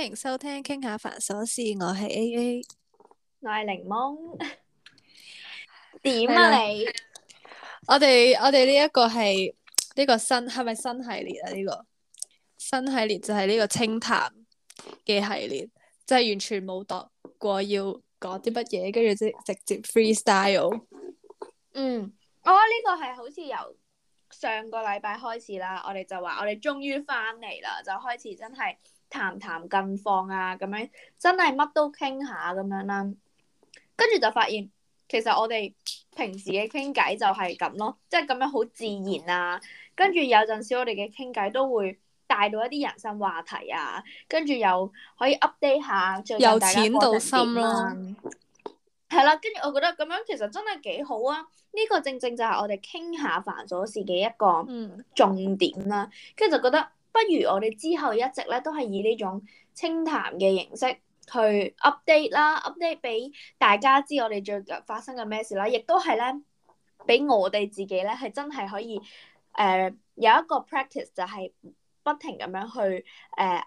歡迎收聽，傾下煩瑣事。我係 A A，我係檸檬。點 啊 Yeah. 你？我哋我哋呢一個係呢、這個新，係咪新系列啊？呢、這個新系列就係呢個清談嘅系列，即、就、係、是、完全冇度過要講啲乜嘢，跟住即直接 freestyle。嗯，我覺得呢個係好似由上個禮拜開始啦，我哋就話我哋終於翻嚟啦，就開始真係。談談近況啊，咁樣真係乜都傾下咁樣啦。跟住就發現，其實我哋平時嘅傾偈就係咁咯，即係咁樣好自然啊。跟住有陣時，我哋嘅傾偈都會帶到一啲人生話題啊。跟住又可以 update 下，由、啊、淺到深啦。係啦，跟住我覺得咁樣其實真係幾好啊。呢、這個正正就係我哋傾下煩瑣事嘅一個重點啦、啊。跟住、嗯、就覺得。不如我哋之後一直咧都係以呢種清談嘅形式去 update 啦，update 俾大家知我哋最近發生嘅咩事啦，亦都係咧俾我哋自己咧係真係可以誒、呃、有一個 practice 就係不停咁樣去誒、呃、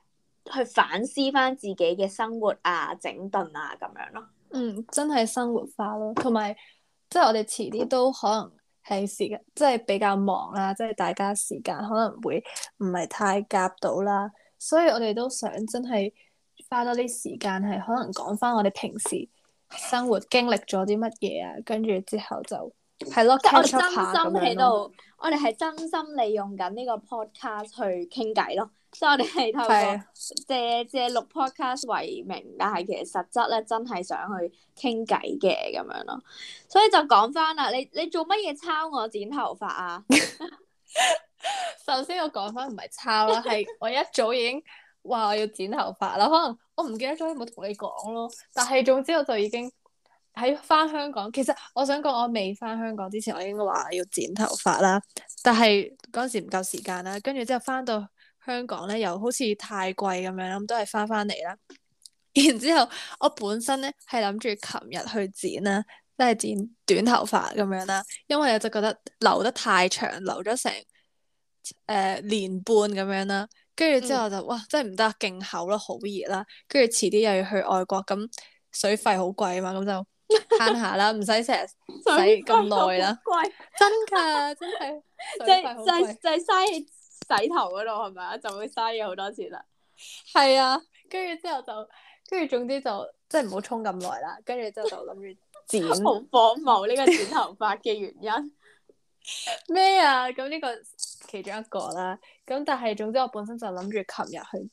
去反思翻自己嘅生活啊、整頓啊咁樣咯。嗯，真係生活化咯，同埋即係我哋遲啲都可能。係時間即係比較忙啦、啊，即係大家時間可能會唔係太夾到啦，所以我哋都想真係花多啲時間係，可能講翻我哋平時生活經歷咗啲乜嘢啊，跟住之後就係咯，catch u 我哋係真心利用緊呢個 podcast 去傾偈咯，即係我哋係透過借借錄 podcast 為名，但係其實實質咧真係想去傾偈嘅，咁樣咯。所以就講翻啦，你你做乜嘢抄我剪頭髮啊？ 首先我講翻唔係抄啦，係 我一早已經話我要剪頭髮啦。可能我唔記得咗有冇同你講咯，但係總之我就已經。喺翻香港，其實我想講，我未翻香港之前，我已經話要剪頭髮啦。但係嗰陣時唔夠時間啦，跟住之後翻到香港咧，又好似太貴咁樣，咁都係翻翻嚟啦。然之後我本身咧係諗住琴日去剪啦，即係剪短頭髮咁樣啦，因為我就覺得留得太長，留咗成誒年半咁樣啦。跟住之後就、嗯、哇，真係唔得，勁厚咯，好熱啦。跟住遲啲又要去外國，咁水費好貴啊嘛，咁就。慳 下啦，唔使成日洗咁耐啦，真噶，真係，即係即係即係嘥喺洗頭嗰度係咪啊？就會嘥咗好多錢啦。係啊，跟住之後就，跟住總之就，即係唔好沖咁耐啦。跟住之後就諗住剪好火毛，呢個剪頭髮嘅原因咩啊？咁呢個其中一個啦。咁但係總之我本身就諗住琴日去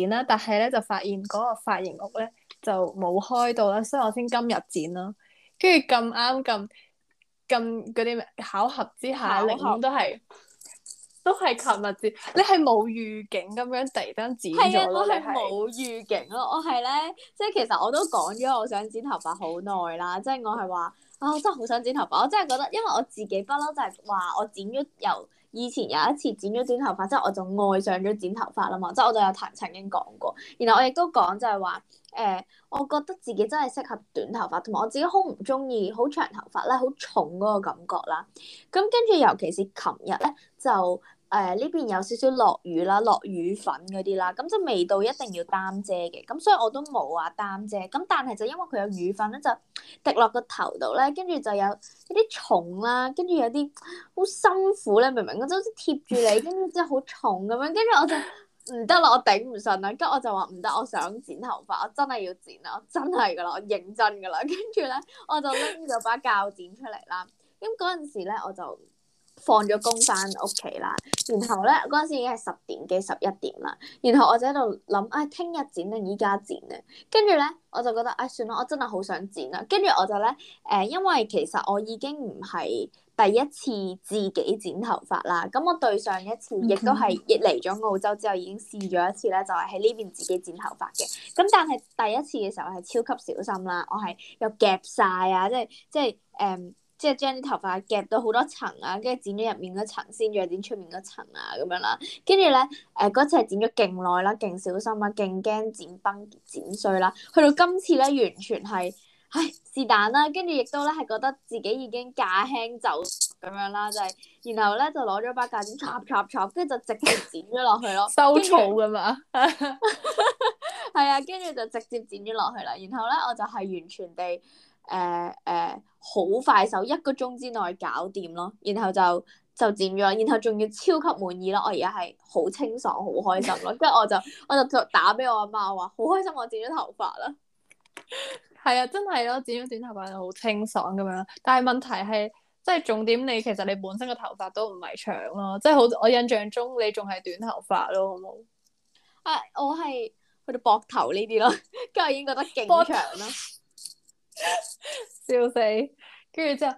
剪啦，但係咧就發現嗰個髮型屋咧。就冇開到啦，所以我先今日剪啦。跟住咁啱咁咁嗰啲巧合之下，你都係都係琴日剪。你係冇預警咁樣，突然間剪咗咯。係啊，我係冇預警咯。我係咧，即係其實我都講咗，我想剪頭髮好耐啦。即係我係話啊，我真係好想剪頭髮。我真係覺得，因為我自己不嬲就係話我剪咗又。以前有一次剪咗剪頭髮，之後我就愛上咗剪頭髮啦嘛，即係我就有談曾經講過，然後我亦都講就係話，誒、呃，我覺得自己真係適合短頭髮，同埋我自己好唔中意好長頭髮咧，好重嗰個感覺啦。咁跟住，尤其是琴日咧就。誒呢、呃、邊有少少落雨啦，落雨粉嗰啲啦，咁就係未到一定要擔遮嘅，咁所以我都冇話擔遮。咁但係就因為佢有雨粉咧，就滴落個頭度咧，跟住就有有啲重啦，跟住有啲好辛苦咧，明唔明？咁就好似貼住你，跟住之係好重咁樣，跟住我就唔得啦，我頂唔順啦，跟住我就話唔得，我想剪頭髮，我真係要剪啦，我真係噶啦，我認真噶啦，跟住咧我就拎咗把鉸剪出嚟啦。咁嗰陣時咧我就。放咗工翻屋企啦，然後咧嗰陣時已經係十點幾、十一點啦，然後我就喺度諗，哎，聽日剪定依家剪啊？跟住咧，我就覺得，哎，算啦，我真係好想剪啦。跟住我就咧，誒、呃，因為其實我已經唔係第一次自己剪頭髮啦。咁我對上一次亦都係亦嚟咗澳洲之後已經試咗一次咧，就係喺呢邊自己剪頭髮嘅。咁但係第一次嘅時候係超級小心啦，我係又夾晒啊，即係即係誒。嗯即係將啲頭髮夾到好多層啊，跟住剪咗入面嗰層先，再剪出面嗰層啊，咁樣啦。跟住咧，誒、呃、嗰次係剪咗勁耐啦，勁小心啊，勁驚剪崩剪碎啦。去到今次咧，完全係，唉，是但啦。跟住亦都咧係覺得自己已經駕輕就熟咁樣啦，就係、是。然後咧就攞咗把鉸剪插，跟住就直接剪咗落去咯。收草㗎嘛。係啊，跟住就直接剪咗落去啦。然後咧我就係完全地。誒誒，好、uh, uh, 快手，一個鐘之內搞掂咯，然後就就剪咗，然後仲要超級滿意咯。我而家係好清爽，好開心咯。跟住 我就我就就打俾我阿媽話，好 開心，我剪咗頭髮啦。係 啊，真係咯，剪咗短頭髮就好清爽咁樣。但係問題係，即係重點你，你其實你本身個頭髮都唔係長咯，即係好我印象中你仲係短頭髮咯，好冇？啊，我係去到膊頭呢啲咯，跟住已經覺得勁長啦。 笑死，跟住之後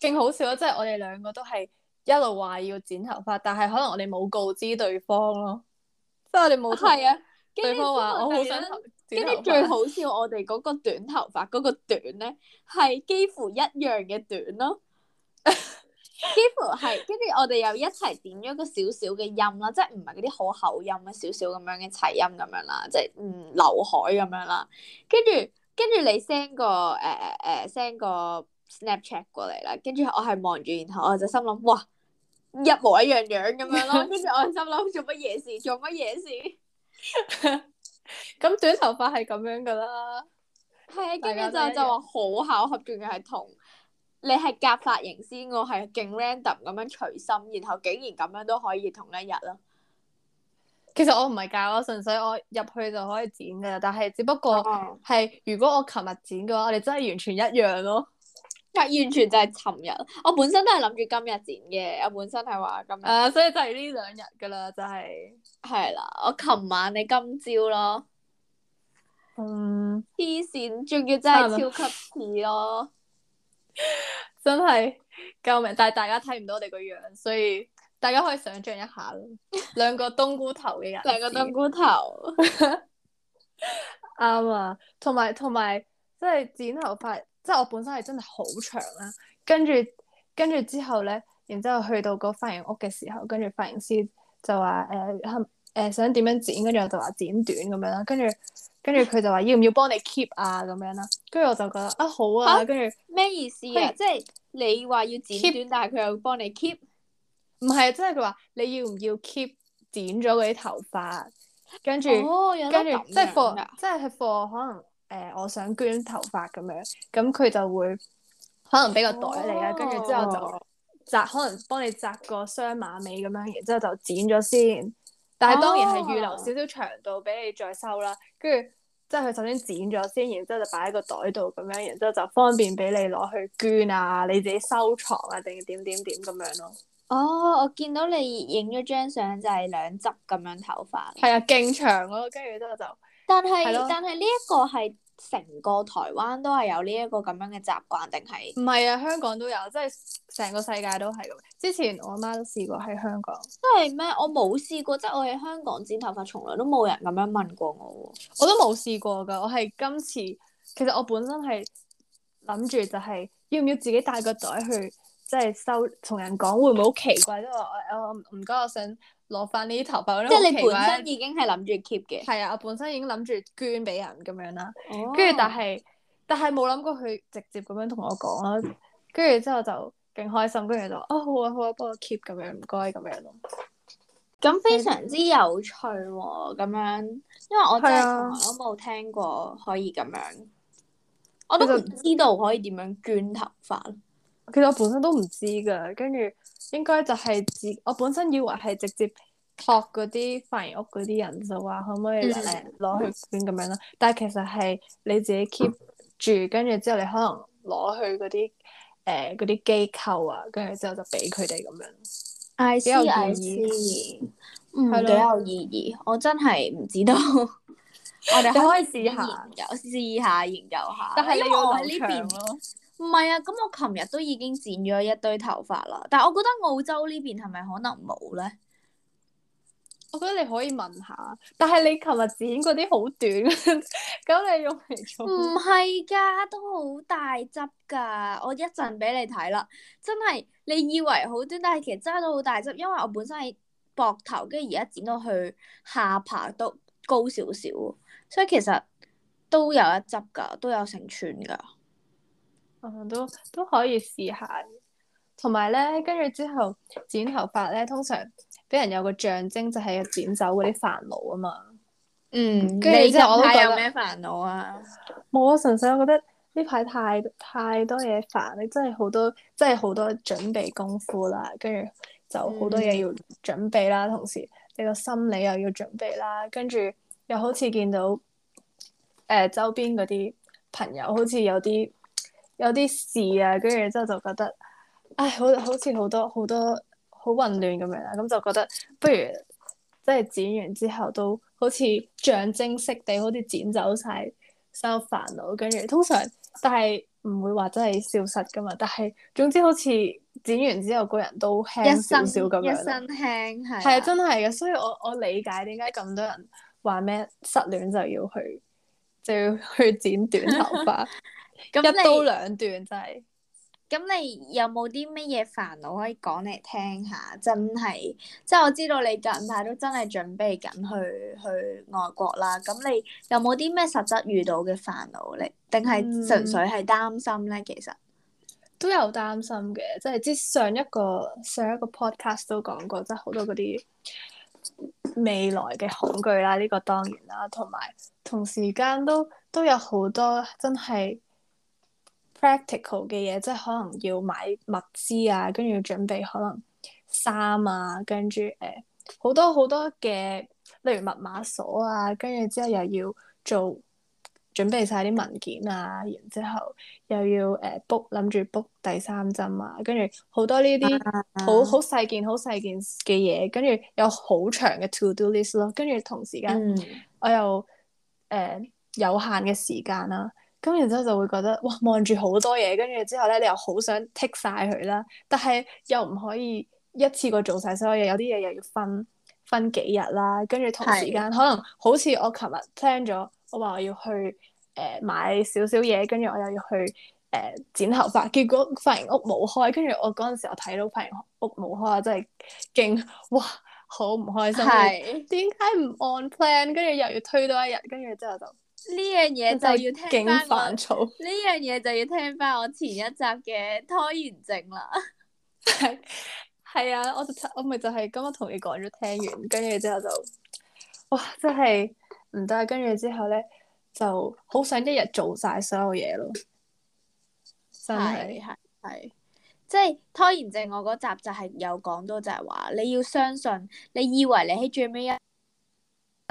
勁好笑咯，即係我哋兩個都係一路話要剪頭髮，但係可能我哋冇告知對方咯，即係我哋冇係啊。對方話我好想頭，跟住最好笑，我哋嗰個短頭髮嗰個短咧係幾乎一樣嘅短咯， 幾乎係。跟住我哋又一齊點咗個少少嘅音啦，即係唔係嗰啲好口音啊，少少咁樣嘅齊音咁樣啦，即係嗯劉海咁樣啦，跟住。跟住你 send 個誒誒誒 send 個 snapchat 過嚟啦，跟住我係望住，然後我就心諗哇一模一樣樣咁樣咯，跟住 我心諗做乜嘢事？做乜嘢事？咁 短頭髮係咁樣噶啦，係啊，跟住就就話好巧合，仲要係同你係夾髮型先，我係勁 random 咁樣隨心，然後竟然咁樣都可以同一日啦。其實我唔係教，我純粹我入去就可以剪噶，但係只不過係如果我琴日剪嘅話，我哋真係完全一樣咯，哦，啊完全就係尋日，我本身都係諗住今日剪嘅，我本身係話今日，啊、uh, 所以就係呢兩日噶啦，就係係啦，我琴晚你今朝咯，嗯，黐線，仲要真係超級似咯， 真係救命！但係大家睇唔到我哋個樣，所以。大家可以想象一下咯， 兩個冬菇頭嘅人，兩個冬菇頭，啱啊。同埋同埋即係剪頭髮，即係我本身係真係好長啦。跟住跟住之後咧，然之後去到個髮型屋嘅時候，跟住髮型師就話誒，誒想點樣剪？跟住我就話剪短咁樣啦。跟住跟住佢就話要唔要幫你 keep 啊咁樣啦。跟住我就覺得啊好啊。哈跟住著咩意思啊？即係你話要剪短，keep 但係佢又幫你 keep。唔係，即係佢話你要唔要 keep 剪咗嗰啲頭髮，跟住，哦、跟住著即係 for 即係係 for 可能誒、呃，我想捐頭髮咁樣，咁佢就會可能俾個袋你啊，哦、跟住之後就紮，可能幫你紮個雙馬尾咁樣，然之後就剪咗先。但係當然係預留少少長度俾你再收啦，跟住、哦、即係佢首先剪咗先，然之後就擺喺個袋度咁樣，然之後就方便俾你攞去捐啊，你自己收藏啊，定點點點咁樣咯。哦，我見到你影咗張相就係兩執咁樣頭髮，係啊，勁長咯，跟住之後就，但係是的但係呢一個係成個台灣都係有呢一個咁樣嘅習慣定係？唔係啊，香港都有，即係成個世界都係咁。之前我媽都試過喺香港，即係咩？我冇試過，即係我喺香港剪頭髮，從來都冇人咁樣問過我。我都冇試過噶，我係今次，其實我本身係諗住就係要唔要自己帶個袋去。即係收同人講會唔會好奇怪，都話我唔該我，我，我想攞翻呢啲頭髮，會會即係你本身已經係諗住 keep 嘅。係啊，我本身已經諗住捐俾人咁樣啦，跟住、哦、但係但係冇諗過佢直接咁樣同我講啦，跟住之後就勁開心，跟住就哦好啊好啊，幫、啊啊啊、我 keep 咁樣唔該咁樣咯。咁非常之有趣喎、哦，咁樣，的因為我真係冇聽過可以咁樣，的我都唔知道可以點樣，樣捐頭髮。其實我本身都唔知噶，跟住應該就係自我本身以為係直接託嗰啲髮型屋嗰啲人就話可唔可以誒攞，嗯呃、去邊，咁樣咯，但係其實係你自己 keep 住，跟住之後你可能攞去嗰啲誒嗰啲機構啊，跟住之後就俾佢哋咁樣，比較有意義，嗯了，幾有意義，我真係唔知道， 我哋可以試下，下，研究，試下研究下，但係你為喺呢邊咯。唔係啊，咁我琴日都已經剪咗一堆頭髮啦，但我覺得澳洲呢邊係咪可能冇咧？我覺得你可以問下，但係你琴日剪嗰啲好短，咁 你用嚟做？唔係噶，都好大執噶，我一陣俾你睇啦。真係你以為好短，但係其實揸到好大執，因為我本身係膊頭，跟住而家剪到去下巴都高少少，所以其實都有一執噶，都有成寸噶。都都可以試下，同埋咧，跟住之後剪頭髮咧，通常俾人有個象徵，就係要剪走嗰啲煩惱啊嘛。嗯，跟、嗯、你呢排有咩煩惱啊冇啊，純粹我覺得呢排太太多嘢煩，你真係好多，真係好多準備功夫啦。跟住就好多嘢要準備啦，嗯、同時你個心理又要準備啦。跟住又好似見到誒、呃、周邊嗰啲朋友好，好似有啲。有啲事啊，跟住之後就覺得，唉，好好似好多好多好混亂咁樣啦，咁就覺得不如即係剪完之後都好似象徵式地，好似剪走晒所有煩惱。跟住通常，但係唔會話真係消失㗎嘛。但係總之好似剪完之後個人都輕少少咁樣。一身一身輕係。係啊，真係嘅，所以我我理解點解咁多人話咩失戀就要去就要去剪短頭髮。 一刀兩斷真係。咁你有冇啲咩嘢煩惱可以講嚟聽下？真係，即係我知道你近排都真係準備緊去去外國啦。咁你有冇啲咩實質遇到嘅煩惱咧？定係純粹係擔心咧？嗯、其實都有擔心嘅，即係之上一個上一個 podcast 都講過，即係好多嗰啲未來嘅恐懼啦。呢個當然啦，同埋同時間都都有好多真係。Practical 嘅嘢，即係可能要買物資啊，跟住要準備可能衫啊，跟住誒好多好多嘅，例如密碼鎖啊，跟住之後又要做準備晒啲文件啊，然之後又要誒 book 諗住 book 第三針啊，跟住好多呢啲好好細件好細件嘅嘢，跟住有好長嘅 to do list 咯，跟住同時間、嗯、我又誒、呃、有限嘅時間啦、啊。咁然之後就會覺得哇，望住好多嘢，跟住之後咧，你又好想剔晒佢啦，但係又唔可以一次過做晒所有嘢，有啲嘢又要分分幾日啦，跟住同時間的可能好似我琴日 plan 咗，我話我要去誒、呃、買少少嘢，跟住我又要去誒、呃、剪頭髮，結果髮型屋冇開，跟住我嗰陣時我睇到髮型屋冇開啊，真係勁哇，好唔開心。係點解唔按 plan？跟住又要推多一日，跟住之後就。呢樣嘢就要聽翻我呢樣嘢就要聽翻我前一集嘅拖延症啦。係啊，我就我咪就係今日同你講咗聽完，跟住之後就哇真係唔得，跟住之後咧就好想一日做晒所有嘢咯。係係係，即係、就是、拖延症，我嗰集就係有講到就係話你要相信，你以為你喺最尾一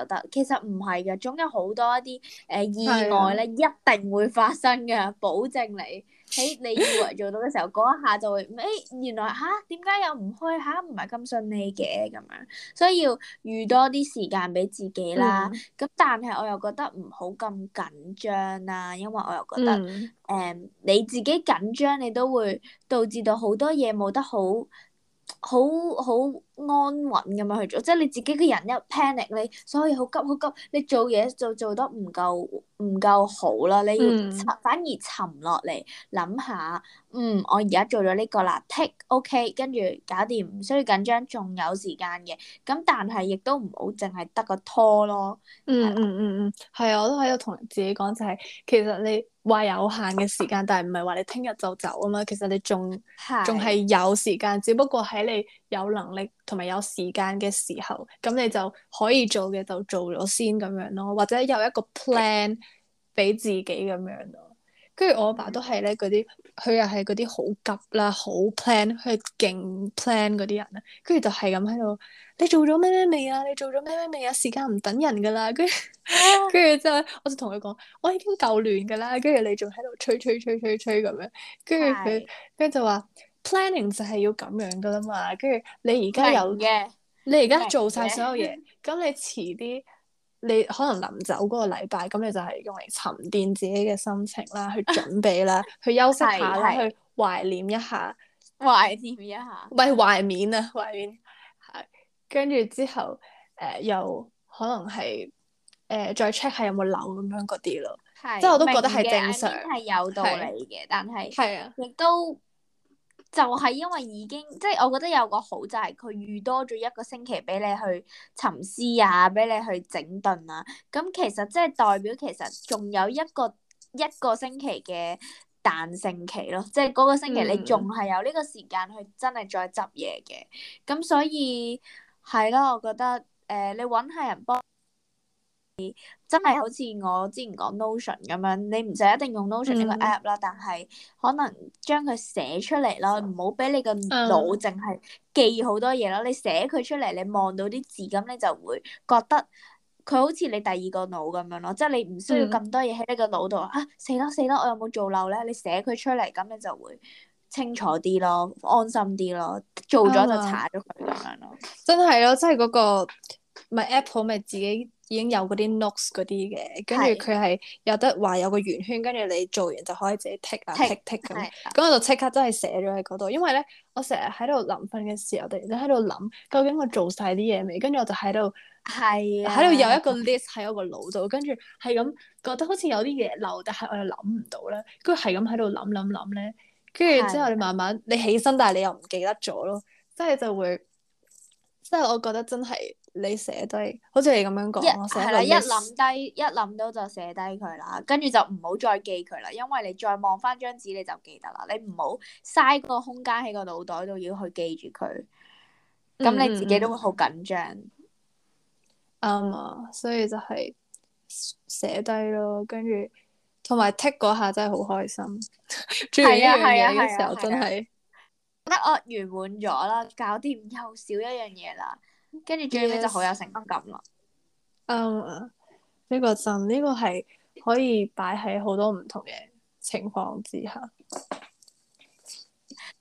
得，其實唔係嘅，總有好多一啲誒、呃、意外咧，一定會發生嘅，保證你喺、欸、你以為做到嘅時候，嗰 一下就會誒、欸，原來吓點解又唔開吓，唔係咁順利嘅咁樣，所以要預多啲時間俾自己啦。咁、嗯、但係我又覺得唔好咁緊張啦，因為我又覺得誒、嗯嗯、你自己緊張，你都會導致到好多嘢冇得好好好。安穩咁樣去做，即係你自己嘅人一有 panic，你所以好急好急，你做嘢就做，做得唔夠唔夠好啦。你要反而沉落嚟諗下想想，嗯，我而家做咗呢個啦 take、okay，跟住搞掂，唔需要緊張，仲有時間嘅。咁但係亦都唔好淨係得個拖咯。嗯嗯嗯嗯，係啊吧、嗯嗯嗯嗯，我都喺度同自己講就係、是，其實你話有限嘅時間， 但係唔係話你聽日就走啊嘛。其實你仲仲係有時間，只不過喺你。有能力同埋有時間嘅時候，咁你就可以做嘅就做咗先咁樣咯，或者有一個 plan 俾自己咁樣咯。跟住我阿爸都係咧嗰啲，佢又係嗰啲好急啦、好 plan、佢勁 plan 嗰啲人啦。跟住就係咁喺度，你做咗咩咩未啊？你做咗咩咩未啊？時間唔等人噶啦。跟住跟住之後， 我就同佢講，我已經夠亂噶啦。跟住你仲喺度吹吹吹吹吹咁樣。跟住佢跟住就話。Planning 就係要咁樣噶啦嘛，跟住你而家有，你而家做晒所有嘢，咁你遲啲，你可能臨走嗰個禮拜，咁你就係用嚟沉澱自己嘅心情啦，去準備啦，去休息下，去懷念一下，懷念一下，唔係懷念啊，懷念，係，跟住之後，誒，又可能係，誒，再 check 下有冇漏咁樣嗰啲咯，即係我都覺得係正常，係有道理嘅，但係亦都。就係因為已經即係，就是、我覺得有個好就係佢預多咗一個星期俾你去沉思啊，俾你去整頓啊。咁其實即係代表其實仲有一個一個星期嘅彈性期咯，即係嗰個星期你仲係有呢個時間去真係再執嘢嘅。咁、嗯、所以係咯，我覺得誒、呃，你揾下人幫。真係好似我之前講 Notion 咁樣，你唔使一定用 Notion 呢個 app 啦、嗯，但係可能將佢寫出嚟咯，唔好俾你個腦淨係記好多嘢咯、嗯。你寫佢出嚟，你望到啲字咁，你就會覺得佢好似你第二個腦咁樣咯。即係你唔需要咁多嘢喺你個腦度啊。死啦死啦，我有冇做漏咧？你寫佢出嚟，咁你就會清楚啲咯，安心啲咯。做咗就查咗佢咁樣咯、嗯。真係咯，即係嗰個咪 Apple 咪自己。已經有嗰啲 notes 嗰啲嘅，跟住佢係有得話有個圓圈，跟住你做完就可以自己剔啊剔剔咁，咁我就即刻真係寫咗喺嗰度。因為咧，我成日喺度臨瞓嘅時候，突然間喺度諗究竟我做晒啲嘢未？跟住我就喺度喺度有一個 list 喺我個腦度，跟住係咁覺得好似有啲嘢漏，但係我又諗唔到咧。跟住係咁喺度諗諗諗咧，跟住之後你慢慢的你起身，但係你又唔記得咗咯，即係就，就會，即係我覺得真係。真你寫低，好似你咁樣講係啦，一諗低，一諗到就寫低佢啦，跟住就唔好再記佢啦，因為你再望翻張紙你就記得啦，你唔好嘥個空間喺個腦袋度要去記住佢，咁你自己都會好緊張，啱啊、嗯嗯，所以就係寫低咯，跟住同埋剔嗰下真係好開心，係啊，係啊，有時候真係，覺得我完滿咗啦，搞掂又少一樣嘢啦。跟住最尾就好有成功感啦。啱、yes. um,，呢、呢個真，呢個係可以擺喺好多唔同嘅情況之下。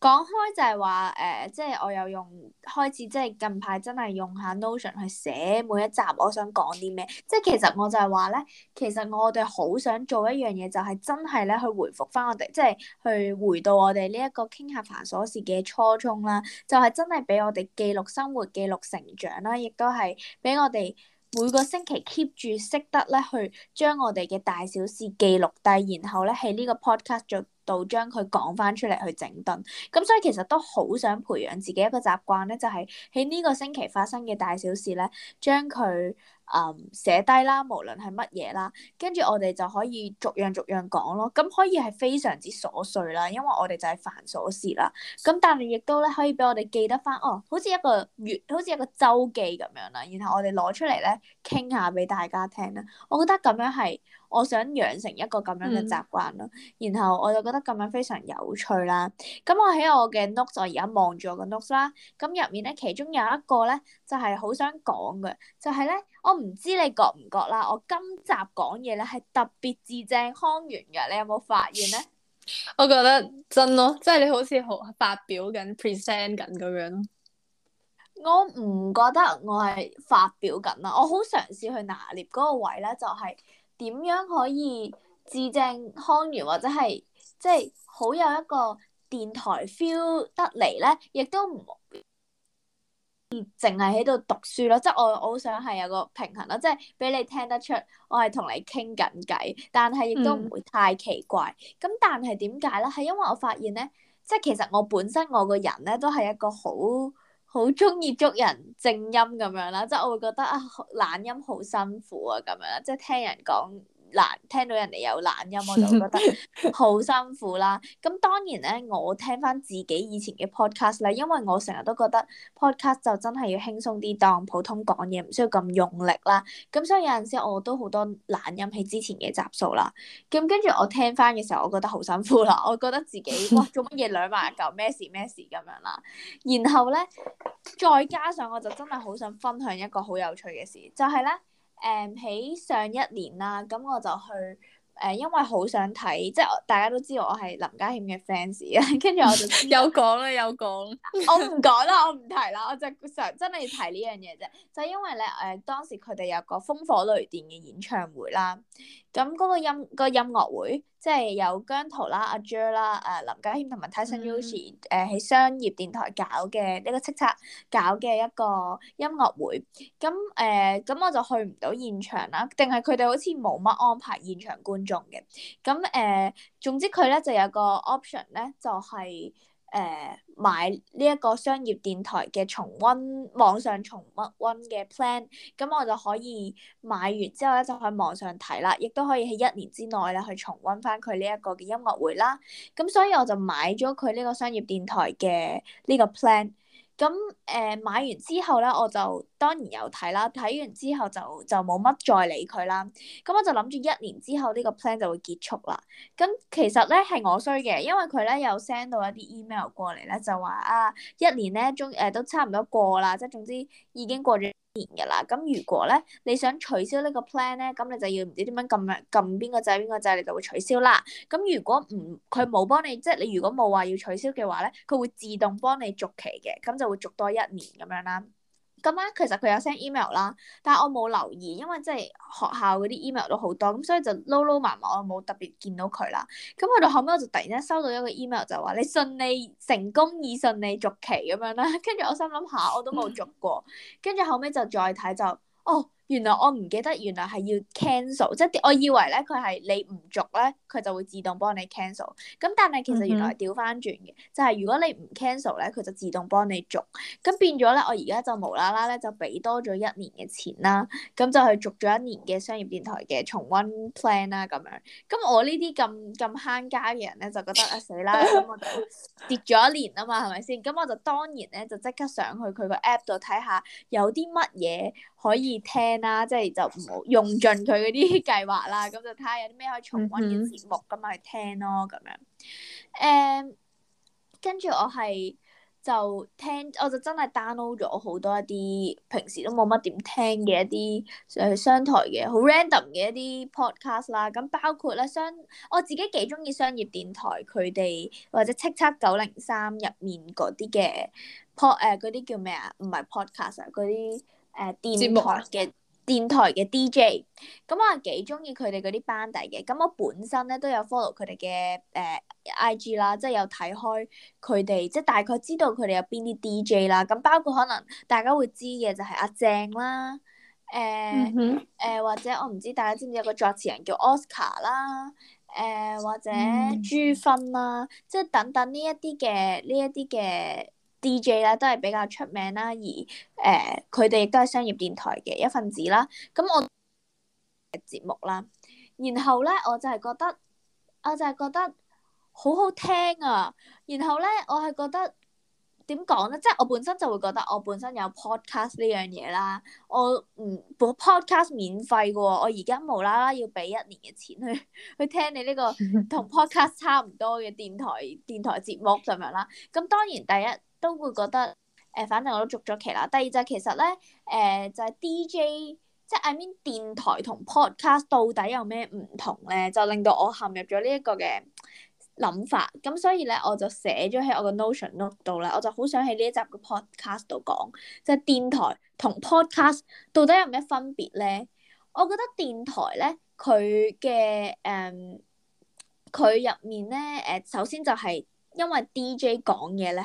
講開就係話，誒、呃，即係我又用開始，即係近排真係用下 Notion 去寫每一集，我想講啲咩，即係其實我就係話咧，其實我哋好想做一樣嘢，就係真係咧去回復翻我哋，即係去回到我哋呢一個傾下煩瑣事嘅初衷啦，就係、是、真係俾我哋記錄生活、記錄成長啦，亦都係俾我哋。每個星期 keep 住識得咧，去將我哋嘅大小事記錄低，然後咧喺呢個 podcast 度將佢講翻出嚟去整頓。咁所以其實都好想培養自己一個習慣咧，就係喺呢個星期發生嘅大小事咧，將佢。嗯，寫低啦，無論係乜嘢啦，跟住我哋就可以逐樣逐樣講咯，咁可以係非常之瑣碎啦，因為我哋就係繁瑣事啦，咁但係亦都咧可以俾我哋記得翻，哦，好似一個月，好似一個周記咁樣啦，然後我哋攞出嚟咧，傾下俾大家聽啦，我覺得咁樣係。我想養成一個咁樣嘅習慣咯，嗯、然後我就覺得咁樣非常有趣啦。咁我喺我嘅 note，我而家望住我個 note 啦。咁入面咧，其中有一個咧，就係、是、好想講嘅，就係、是、咧，我唔知你覺唔覺啦。我今集講嘢咧係特別字正腔圓嘅，你有冇發現咧？我覺得真咯，即係你好似好發表緊 present 緊咁樣。着着着我唔覺得我係發表緊啦，我好嘗試去拿捏嗰個位咧，就係、是。點樣可以字正腔圓或者係即係好有一個電台 feel 得嚟咧？亦都唔淨係喺度讀書咯，即係我我好想係有個平衡咯，即係俾你聽得出我係同你傾緊偈，但係亦都唔會太奇怪。咁、嗯、但係點解咧？係因為我發現咧，即係其實我本身我個人咧都係一個好。好鍾意捉人靜音咁樣啦，即係我會覺得啊懶音好辛苦啊咁樣，即係聽人講。難聽到人哋有懶音，我就覺得好辛苦啦。咁當然咧，我聽翻自己以前嘅 podcast 咧，因為我成日都覺得 podcast 就真係要輕鬆啲，當普通講嘢，唔需要咁用力啦。咁所以有陣時我都好多懶音喺之前嘅集數啦。咁跟住我聽翻嘅時候，我覺得好辛苦啦。我覺得自己哇，做乜嘢兩萬九，咩事咩事咁樣啦。然後咧，再加上我就真係好想分享一個好有趣嘅事，就係咧。誒，喺嗯上一年啦，咁我就去。誒，因為好想睇，即係大家都知道我係林家謙嘅 fans 啊， 跟住我就 有講啦，有講， 我唔講啦，我唔提啦，我 就成真係要提呢樣嘢啫，就因為咧誒、呃，當時佢哋有個《風火雷電》嘅演唱會啦，咁嗰個音嗰、那個音樂、那個、會，即係有姜濤啦、阿 Jer 啦、誒、ER、啊、林家謙同埋 Tyson Yoshi 誒喺商業電台搞嘅呢、這個叱咤搞嘅一個音樂會，咁誒咁我就去唔到現場啦，定係佢哋好似冇乜安排現場觀。嘅咁誒，總之佢咧就有個 option 咧，就係、是、誒、呃、買呢一個商業電台嘅重溫網上重溫嘅 plan，咁我就可以買完之後咧就喺網上睇啦，亦都可以喺一年之內咧去重溫翻佢呢一個嘅音樂會啦。咁所以我就買咗佢呢個商業電台嘅呢個 plan。咁、呃、誒買完之後咧，我就。當然有睇啦，睇完之後就就冇乜再理佢啦。咁我就諗住一年之後呢個 plan 就會結束啦。咁其實咧係我衰嘅，因為佢咧有 send 到一啲 email 過嚟咧，就話啊一年咧中誒都差唔多過啦，即係總之已經過咗一年㗎啦。咁如果咧你想取消個呢個 plan 咧，咁你就要唔知點樣撳撳邊個掣邊個掣，你就會取消啦。咁如果唔佢冇幫你，即係你如果冇話要取消嘅話咧，佢會自動幫你續期嘅，咁就會續多一年咁樣啦。咁呢，其實佢有 send email 啦，但係我冇留意，因為即係學校嗰啲 email 都好多，咁所以就撈撈埋埋，我冇特別見到佢啦。咁去到後尾我就突然間收到一個 email 就話你順利成功以順利續期咁樣啦。跟住我心諗下，我都冇續過。跟住、嗯、後尾就再睇就哦。原來我唔記得，原來係要 cancel，即係我以為咧佢係你唔續咧，佢就會自動幫你 cancel。咁但係其實原來係調翻轉嘅，就係、是、如果你唔 cancel 咧，佢就自動幫你續。咁變咗咧，我而家就無啦啦咧就俾多咗一年嘅錢啦，咁就去續咗一年嘅商業電台嘅重温 plan 啦咁樣。咁我呢啲咁咁慳家嘅人咧，就覺得 啊死啦，咁、嗯、我就跌咗一年啊嘛，係咪先？咁我就當然咧就即刻上去佢個 app 度睇下有啲乜嘢。可以聽啦，即係就唔好用盡佢嗰啲計劃啦。咁就睇下有啲咩可以重温嘅節目咁、mm hmm. 去聽咯。咁樣誒，跟住我係就聽，我就真係 download 咗好多一啲平時都冇乜點聽嘅一啲誒商台嘅好 random 嘅一啲 podcast 啦。咁包括咧商我自己幾中意商業電台佢哋或者七七九零三入面嗰啲嘅 pod 誒嗰啲叫咩啊？唔係 podcast 嗰啲。誒、呃，電台嘅目電台嘅 DJ，咁我係幾中意佢哋嗰啲班底嘅。咁我本身咧都有 follow 佢哋嘅誒、呃、IG 啦，即係有睇開佢哋，即係大概知道佢哋有邊啲 DJ 啦。咁包括可能大家會知嘅就係阿鄭啦，誒、呃、誒、嗯哼呃、或者我唔知大家知唔知有個作詞人叫 Oscar 啦，誒、呃、或者朱芬啦，嗯、即係等等呢一啲嘅呢一啲嘅。DJ 啦都係比較出名啦，而誒佢哋亦都係商業電台嘅一份子啦。咁我嘅節目啦，然後咧我就係覺得，我就係覺得好好聽啊。然後咧我係覺得點講咧，即係我本身就會覺得我本身有 podcast 呢樣嘢啦。我唔 podcast 免費嘅喎，我而家、哦、無啦啦要俾一年嘅錢去去聽你呢個同 podcast 差唔多嘅電台電台節目咁樣啦。咁當然第一，都會覺得誒、呃，反正我都續咗期啦。第二就係其實咧，誒、呃、就係、是、D J，即係 I mean 電台同 podcast 到底有咩唔同咧，就令到我陷入咗呢一個嘅諗法。咁所以咧，我就寫咗喺我嘅 Notion note 度啦。我就好想喺呢一集嘅 podcast 度講，即係電台同 podcast 到底有咩分別咧？我覺得電台咧，佢嘅誒佢入面咧，誒首先就係因為 D J 講嘢咧。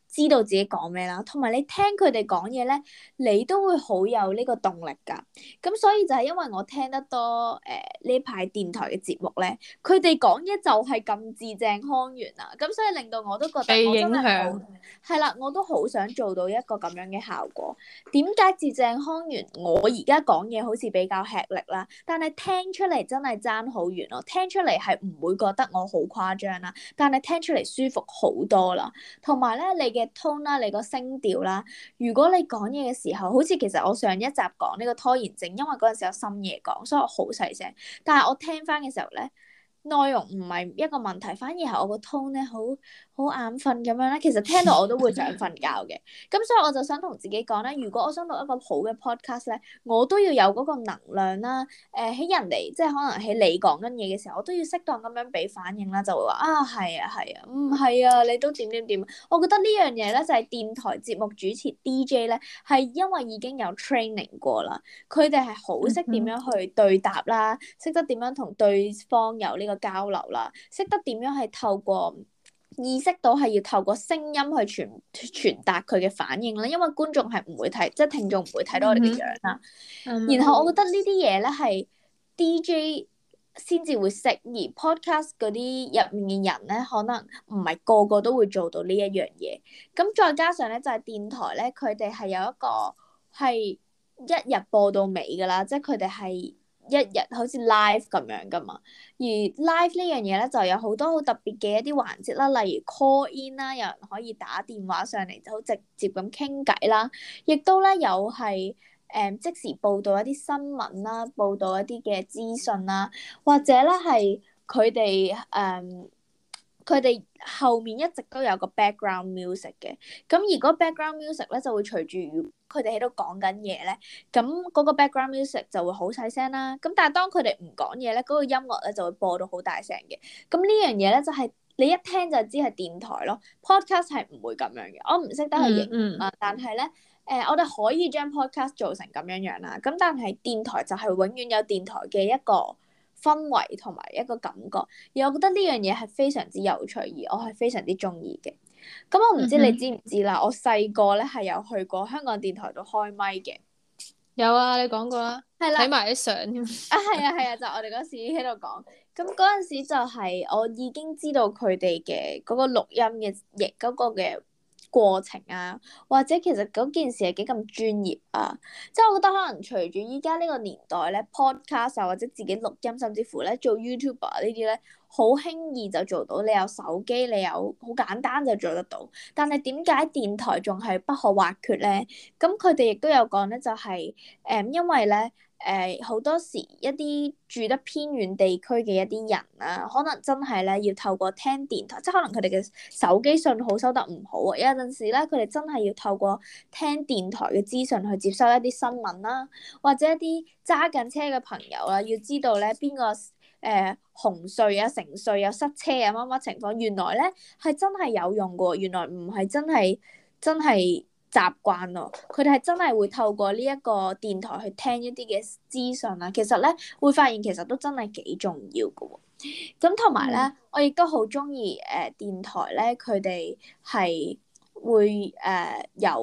知道自己講咩啦，同埋你聽佢哋講嘢咧，你都會好有呢個動力㗎。咁所以就係因為我聽得多誒呢排電台嘅節目咧，佢哋講嘢就係咁字正腔圓啊。咁所以令到我都覺得，被影響，係啦，我都好想做到一個咁樣嘅效果。點解字正腔圓。我而家講嘢好似比較吃力啦，但係聽出嚟真係爭好遠咯。聽出嚟係唔會覺得我好誇張啦，但係聽出嚟舒服好多啦。同埋咧，你嘅。你嘅 tone 啦，你個聲調啦。如果你講嘢嘅時候，好似其實我上一集講呢個拖延症，因為嗰陣時有深夜講，所以我好細聲。但係我聽翻嘅時候咧。內容唔係一個問題，反而係我個 tone 咧，好好眼瞓咁樣咧。其實聽到我都會想瞓覺嘅，咁 所以我就想同自己講咧，如果我想錄一個好嘅 podcast 咧，我都要有嗰個能量啦。誒、呃，喺人哋即係可能喺你講緊嘢嘅時候，我都要適當咁樣俾反應啦，就會話啊係啊係啊，唔係啊，啊，啊，啊，你都點點點。我覺得呢樣嘢咧就係電台節目主持 DJ 咧，係因為已經有 training 過啦，佢哋係好識點樣去對答啦，識、嗯、哼得點樣同對方有呢、呢個。交流啦，識得點樣係透過意識到係要透過聲音去傳傳達佢嘅反應咧，因為觀眾係唔會睇，即係聽眾唔會睇到我哋嘅樣啦。Mm hmm. 然後我覺得呢啲嘢咧係 DJ 先至會識，而 podcast 嗰啲入面嘅人咧，可能唔係個個都會做到呢一樣嘢。咁再加上咧，就係電台咧，佢哋係有一個係一日播到尾噶啦，即係佢哋係。一日好似 live 咁樣噶嘛，而 live 呢樣嘢咧就有好多好特別嘅一啲環節啦，例如 call in 啦，有人可以打電話上嚟就好直接咁傾偈啦，亦都咧有係誒、嗯、即時報導一啲新聞啦，報導一啲嘅資訊啦，或者咧係佢哋誒佢哋後面一直都有個 background music 嘅，咁如果 background music 咧就會隨住。佢哋喺度講緊嘢咧，咁嗰個 background music 就會好細聲啦。咁但係當佢哋唔講嘢咧，嗰、那個音樂咧就會播到好大聲嘅。咁呢樣嘢咧就係、是、你一聽就知係電台咯。Podcast 係唔會咁樣嘅，我唔識得去認啊、嗯嗯呃。但係咧，誒，我哋可以將 Podcast 做成咁樣樣啦。咁但係電台就係永遠有電台嘅一個。氛圍同埋一個感覺，而我覺得呢樣嘢係非常之有趣，而我係非常之中意嘅。咁我唔知你知唔知啦，我細個咧係有去過香港電台度開咪嘅。有啊，你講過啦，係喇，睇埋啲相啊，係啊係啊，就我哋嗰時喺度講，咁嗰陣時就係我已經知道佢哋嘅嗰個錄音嘅亦嗰個嘅。過程啊，或者其實嗰件事係幾咁專業啊，即係我覺得可能隨住依家呢個年代咧，Podcast 啊，或者自己錄音，甚至乎咧做 YouTube 呢啲咧。好輕易就做到，你有手機，你有好簡單就做得到。但係點解電台仲係不可或缺咧？咁佢哋亦都有講咧，就係、是、誒、嗯，因為咧誒，呃，好多時一啲住得偏遠地區嘅一啲人啊，可能真係咧要透過聽電台，即係可能佢哋嘅手機信號收得唔好啊，有陣時咧佢哋真係要透過聽電台嘅資訊去接收一啲新聞啦、啊，或者一啲揸緊車嘅朋友啦、啊，要知道咧邊個。誒、呃、紅隧啊、城隧啊、塞車啊，乜乜情況？原來咧係真係有用嘅喎，原來唔係真係真係習慣咯。佢哋係真係會透過呢一個電台去聽一啲嘅資訊啊。其實咧會發現其實都真係幾重要㗎喎。咁同埋咧，嗯、我亦都好中意誒電台咧，佢哋係會誒、呃、有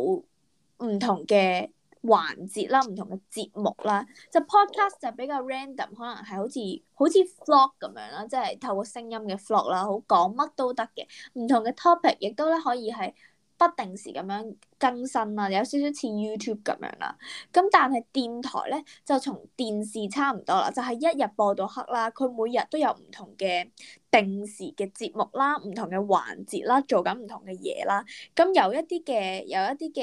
唔同嘅環節啦，唔同嘅節目啦，就 podcast 就比較 random，可能係好似好似 vlog 咁樣啦，即係透過聲音嘅 vlog 啦，好講乜都得嘅，唔同嘅 topic 亦都咧可以係。不定時咁樣更新啦，有少少似 YouTube 咁樣啦。咁但係電台咧就從電視差唔多啦，就係、是、一日播到黑啦。佢每日都有唔同嘅定時嘅節目啦，唔同嘅環節啦，做緊唔同嘅嘢啦。咁有一啲嘅，有一啲嘅，誒、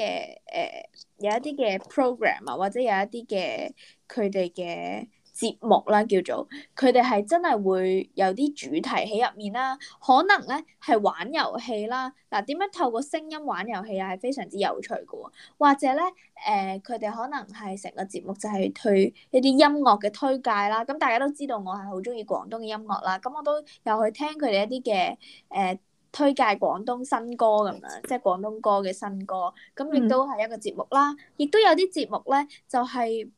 呃，有一啲嘅 program 啊，或者有一啲嘅佢哋嘅節目啦，叫做佢哋係真係會有啲主題喺入面啦，可能咧係玩遊戲啦，嗱，點樣透過聲音玩遊戲啊，係非常之有趣噶喎，或者咧誒佢哋可能係成個節目就係推一啲音樂嘅推介啦，咁大家都知道我係好中意廣東嘅音樂啦，咁我都又去聽佢哋一啲嘅誒推介廣東新歌咁樣，即係廣東歌嘅新歌，咁亦都係一個節目啦，亦都、嗯、有啲節目咧就係。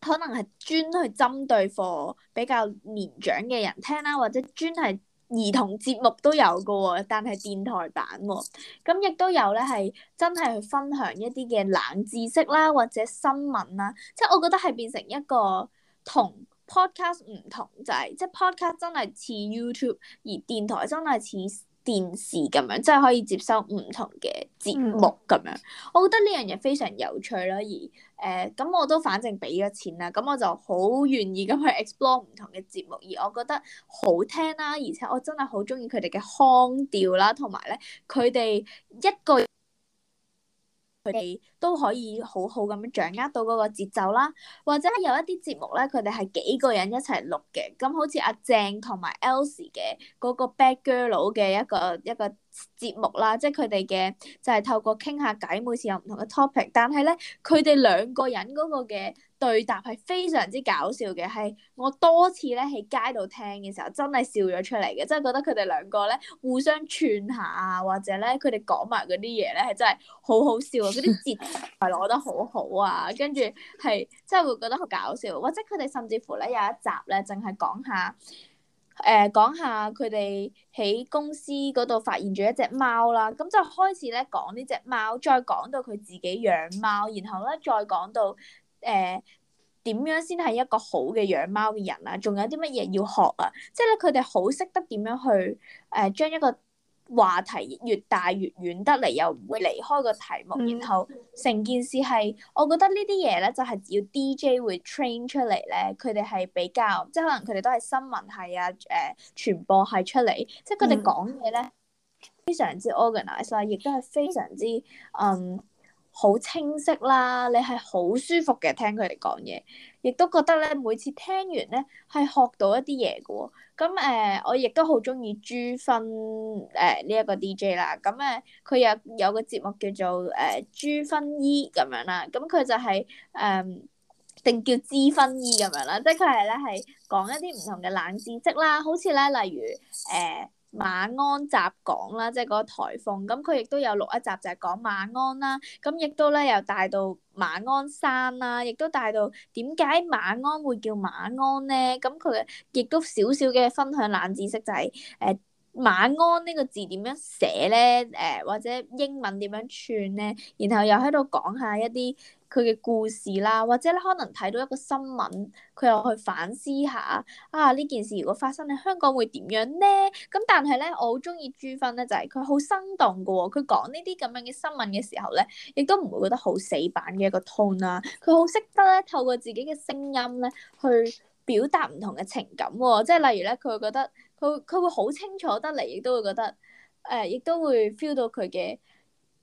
可能係專去針對課比較年長嘅人聽啦，或者專係兒童節目都有噶喎，但係電台版喎。咁亦都有咧，係真係去分享一啲嘅冷知識啦，或者新聞啦。即係我覺得係變成一個同 podcast 唔同，就係即係 podcast 真係似 YouTube，而電台真係似。電視咁樣，即係可以接收唔同嘅節目咁樣，我覺得呢樣嘢非常有趣啦。而誒，咁我都反正俾咗錢啦，咁我就好願意咁去 explore 唔同嘅節目，而我覺得好聽啦，而且我真係好中意佢哋嘅腔調啦，同埋咧佢哋一個。佢哋都可以好好咁樣掌握到嗰個節奏啦，或者有一啲節目咧，佢哋係幾個人一齊錄嘅，咁好似阿鄭同埋 Elsie 嘅嗰個 Bad Girl 嘅一個一個節目啦，即係佢哋嘅就係、是、透過傾下偈，每次有唔同嘅 topic，但係咧佢哋兩個人嗰個嘅。對答係非常之搞笑嘅，係我多次咧喺街度聽嘅時候，真係笑咗出嚟嘅，真係覺得佢哋兩個咧互相串下啊，或者咧佢哋講埋嗰啲嘢咧係真係好好笑啊！嗰啲節目係攞得好好啊，跟住係真係會覺得好搞笑，或者佢哋甚至乎咧有一集咧淨係講下誒講、呃、下佢哋喺公司嗰度發現咗一隻貓啦，咁就開始咧講呢講隻貓，再講到佢自己養貓，然後咧再講到。誒點、呃、樣先係一個好嘅養貓嘅人啊？仲有啲乜嘢要學啊？即係咧，佢哋好識得點樣去誒、呃、將一個話題越大越遠得嚟，又唔會離開個題目，嗯、然後成件事係我覺得呢啲嘢咧，就係、是、要 DJ 會 train 出嚟咧。佢哋係比較即係可能佢哋都係新聞系啊，誒、呃、傳播系出嚟，即係佢哋講嘢咧非常之 organized 啦亦都係非常之嗯。好清晰啦，你係好舒服嘅聽佢哋講嘢，亦都覺得咧每次聽完咧係學到一啲嘢嘅喎。咁誒、呃，我亦都好中意朱薰誒呢一個 DJ 啦。咁、嗯、誒，佢有有個節目叫做誒、呃、朱薰醫咁樣啦。咁佢就係、是、誒、呃、定叫知薰醫咁樣啦，即係佢係咧係講一啲唔同嘅冷知識啦，好似咧例如誒、呃馬鞍集講啦，即係嗰個台風，咁佢亦都有錄一集就係講馬鞍啦，咁亦都咧又帶到馬鞍山啦，亦都帶到點解馬鞍會叫馬鞍咧？咁佢亦都少少嘅分享冷知識就係、是，誒、呃、馬鞍呢個字點樣寫咧？誒、呃、或者英文點樣串咧？然後又喺度講下一啲。佢嘅故事啦，或者咧可能睇到一個新聞，佢又去反思下啊呢件事如果發生喺香港會點樣咧？咁但係咧，我好中意朱芬咧，就係佢好生動㗎喎、哦。佢講呢啲咁樣嘅新聞嘅時候咧，亦都唔會覺得好死板嘅一個 tone 啦、啊。佢好識得咧透過自己嘅聲音咧去表達唔同嘅情感喎、哦，即係例如咧，佢會覺得佢佢會好清楚得嚟，亦都會覺得誒，亦、呃、都會 feel 到佢嘅。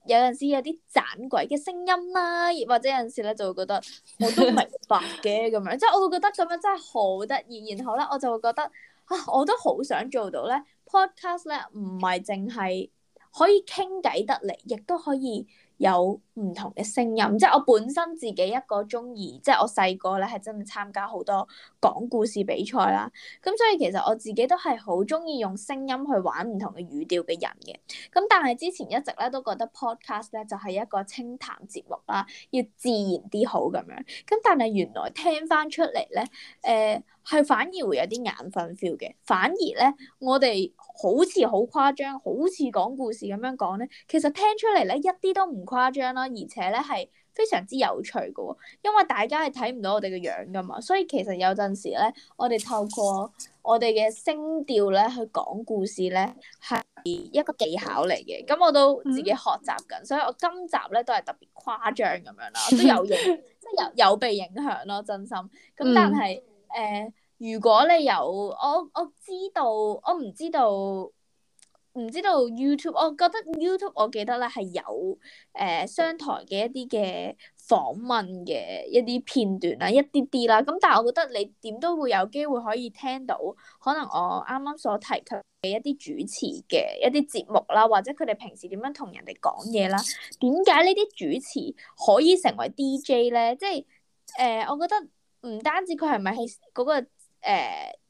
有陣時有啲盞鬼嘅聲音啦，或者有陣時咧就會覺得我都明白嘅咁樣，即係 我會覺得咁樣真係好得意。然後咧我就會覺得啊，我都好想做到咧 podcast 咧，唔係淨係可以傾偈得嚟，亦都可以。有唔同嘅聲音，即係我本身自己一個中意，即係我細個咧係真係參加好多講故事比賽啦，咁所以其實我自己都係好中意用聲音去玩唔同嘅語調嘅人嘅，咁但係之前一直咧都覺得 podcast 咧就係、是、一個清談節目啦，要自然啲好咁樣，咁但係原來聽翻出嚟咧，誒、呃、係反而會有啲眼瞓 feel 嘅，反而咧我哋。好似好誇張，好似講故事咁樣講咧，其實聽出嚟咧一啲都唔誇張啦，而且咧係非常之有趣嘅，因為大家係睇唔到我哋嘅樣噶嘛，所以其實有陣時咧，我哋透過我哋嘅聲調咧去講故事咧係一個技巧嚟嘅，咁我都自己學習緊，嗯、所以我今集咧都係特別誇張咁樣啦，我都有影，即係 有有被影響咯，真心。咁但係誒。嗯如果你有我我知道我唔知道唔知道 YouTube，我覺得 YouTube 我記得咧係有誒、呃、商台嘅一啲嘅訪問嘅一啲片段啊，一啲啲啦。咁但係我覺得你點都會有機會可以聽到，可能我啱啱所提及嘅一啲主持嘅一啲節目啦，或者佢哋平時點樣同人哋講嘢啦，點解呢啲主持可以成為 DJ 咧？即係誒、呃、我覺得唔單止佢係咪係嗰個。誒，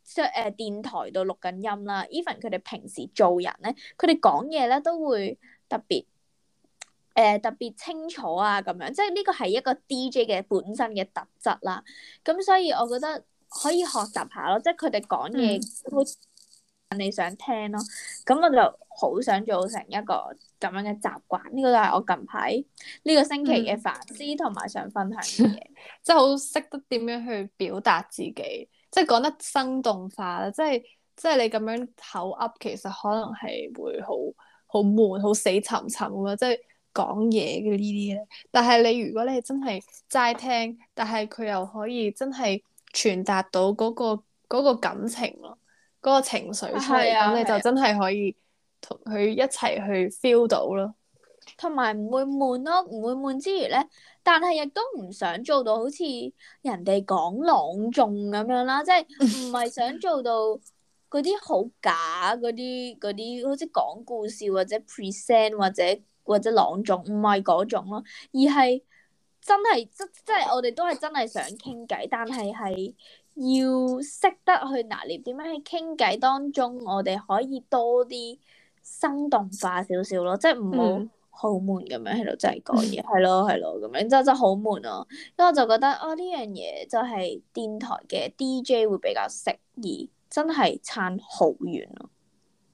即誒、呃，電台度錄緊音啦。even 佢哋平時做人咧，佢哋講嘢咧都會特別誒、呃，特別清楚啊，咁樣即係呢個係一個 DJ 嘅本身嘅特質啦。咁所以我覺得可以學習下咯，即係佢哋講嘢好似你想聽咯。咁、嗯、我就好想做成一個咁樣嘅習慣。呢、這個都係我近排呢、這個星期嘅反思同埋想分享嘅嘢， 即係好識得點樣去表達自己。即係講得生動化啦，即係即係你咁樣口噏，其實可能係會好好悶，好死沉沉咯。即係講嘢嘅呢啲咧，但係你如果你真係齋聽，但係佢又可以真係傳達到嗰個嗰個感情咯，嗰個情緒出嚟，咁、啊啊、你就真係可以同佢一齊去 feel 到咯。同埋唔會悶咯、啊，唔會悶之餘咧，但係亦都唔想做到好似人哋講朗誦咁樣啦、啊，即係唔係想做到嗰啲好假嗰啲嗰啲，好似講故事或者 present 或者或者朗誦，唔係嗰種咯、啊，而係真係即，即真係我哋都係真係想傾偈，但係係要識得去拿捏點樣喺傾偈當中，我哋可以多啲生動化少少咯，即係唔好。嗯好悶咁樣喺度真係講嘢，係咯係咯咁樣，真係好悶咯。因為我就覺得啊呢樣嘢就係電台嘅 DJ 會比較適宜，真係差好遠咯。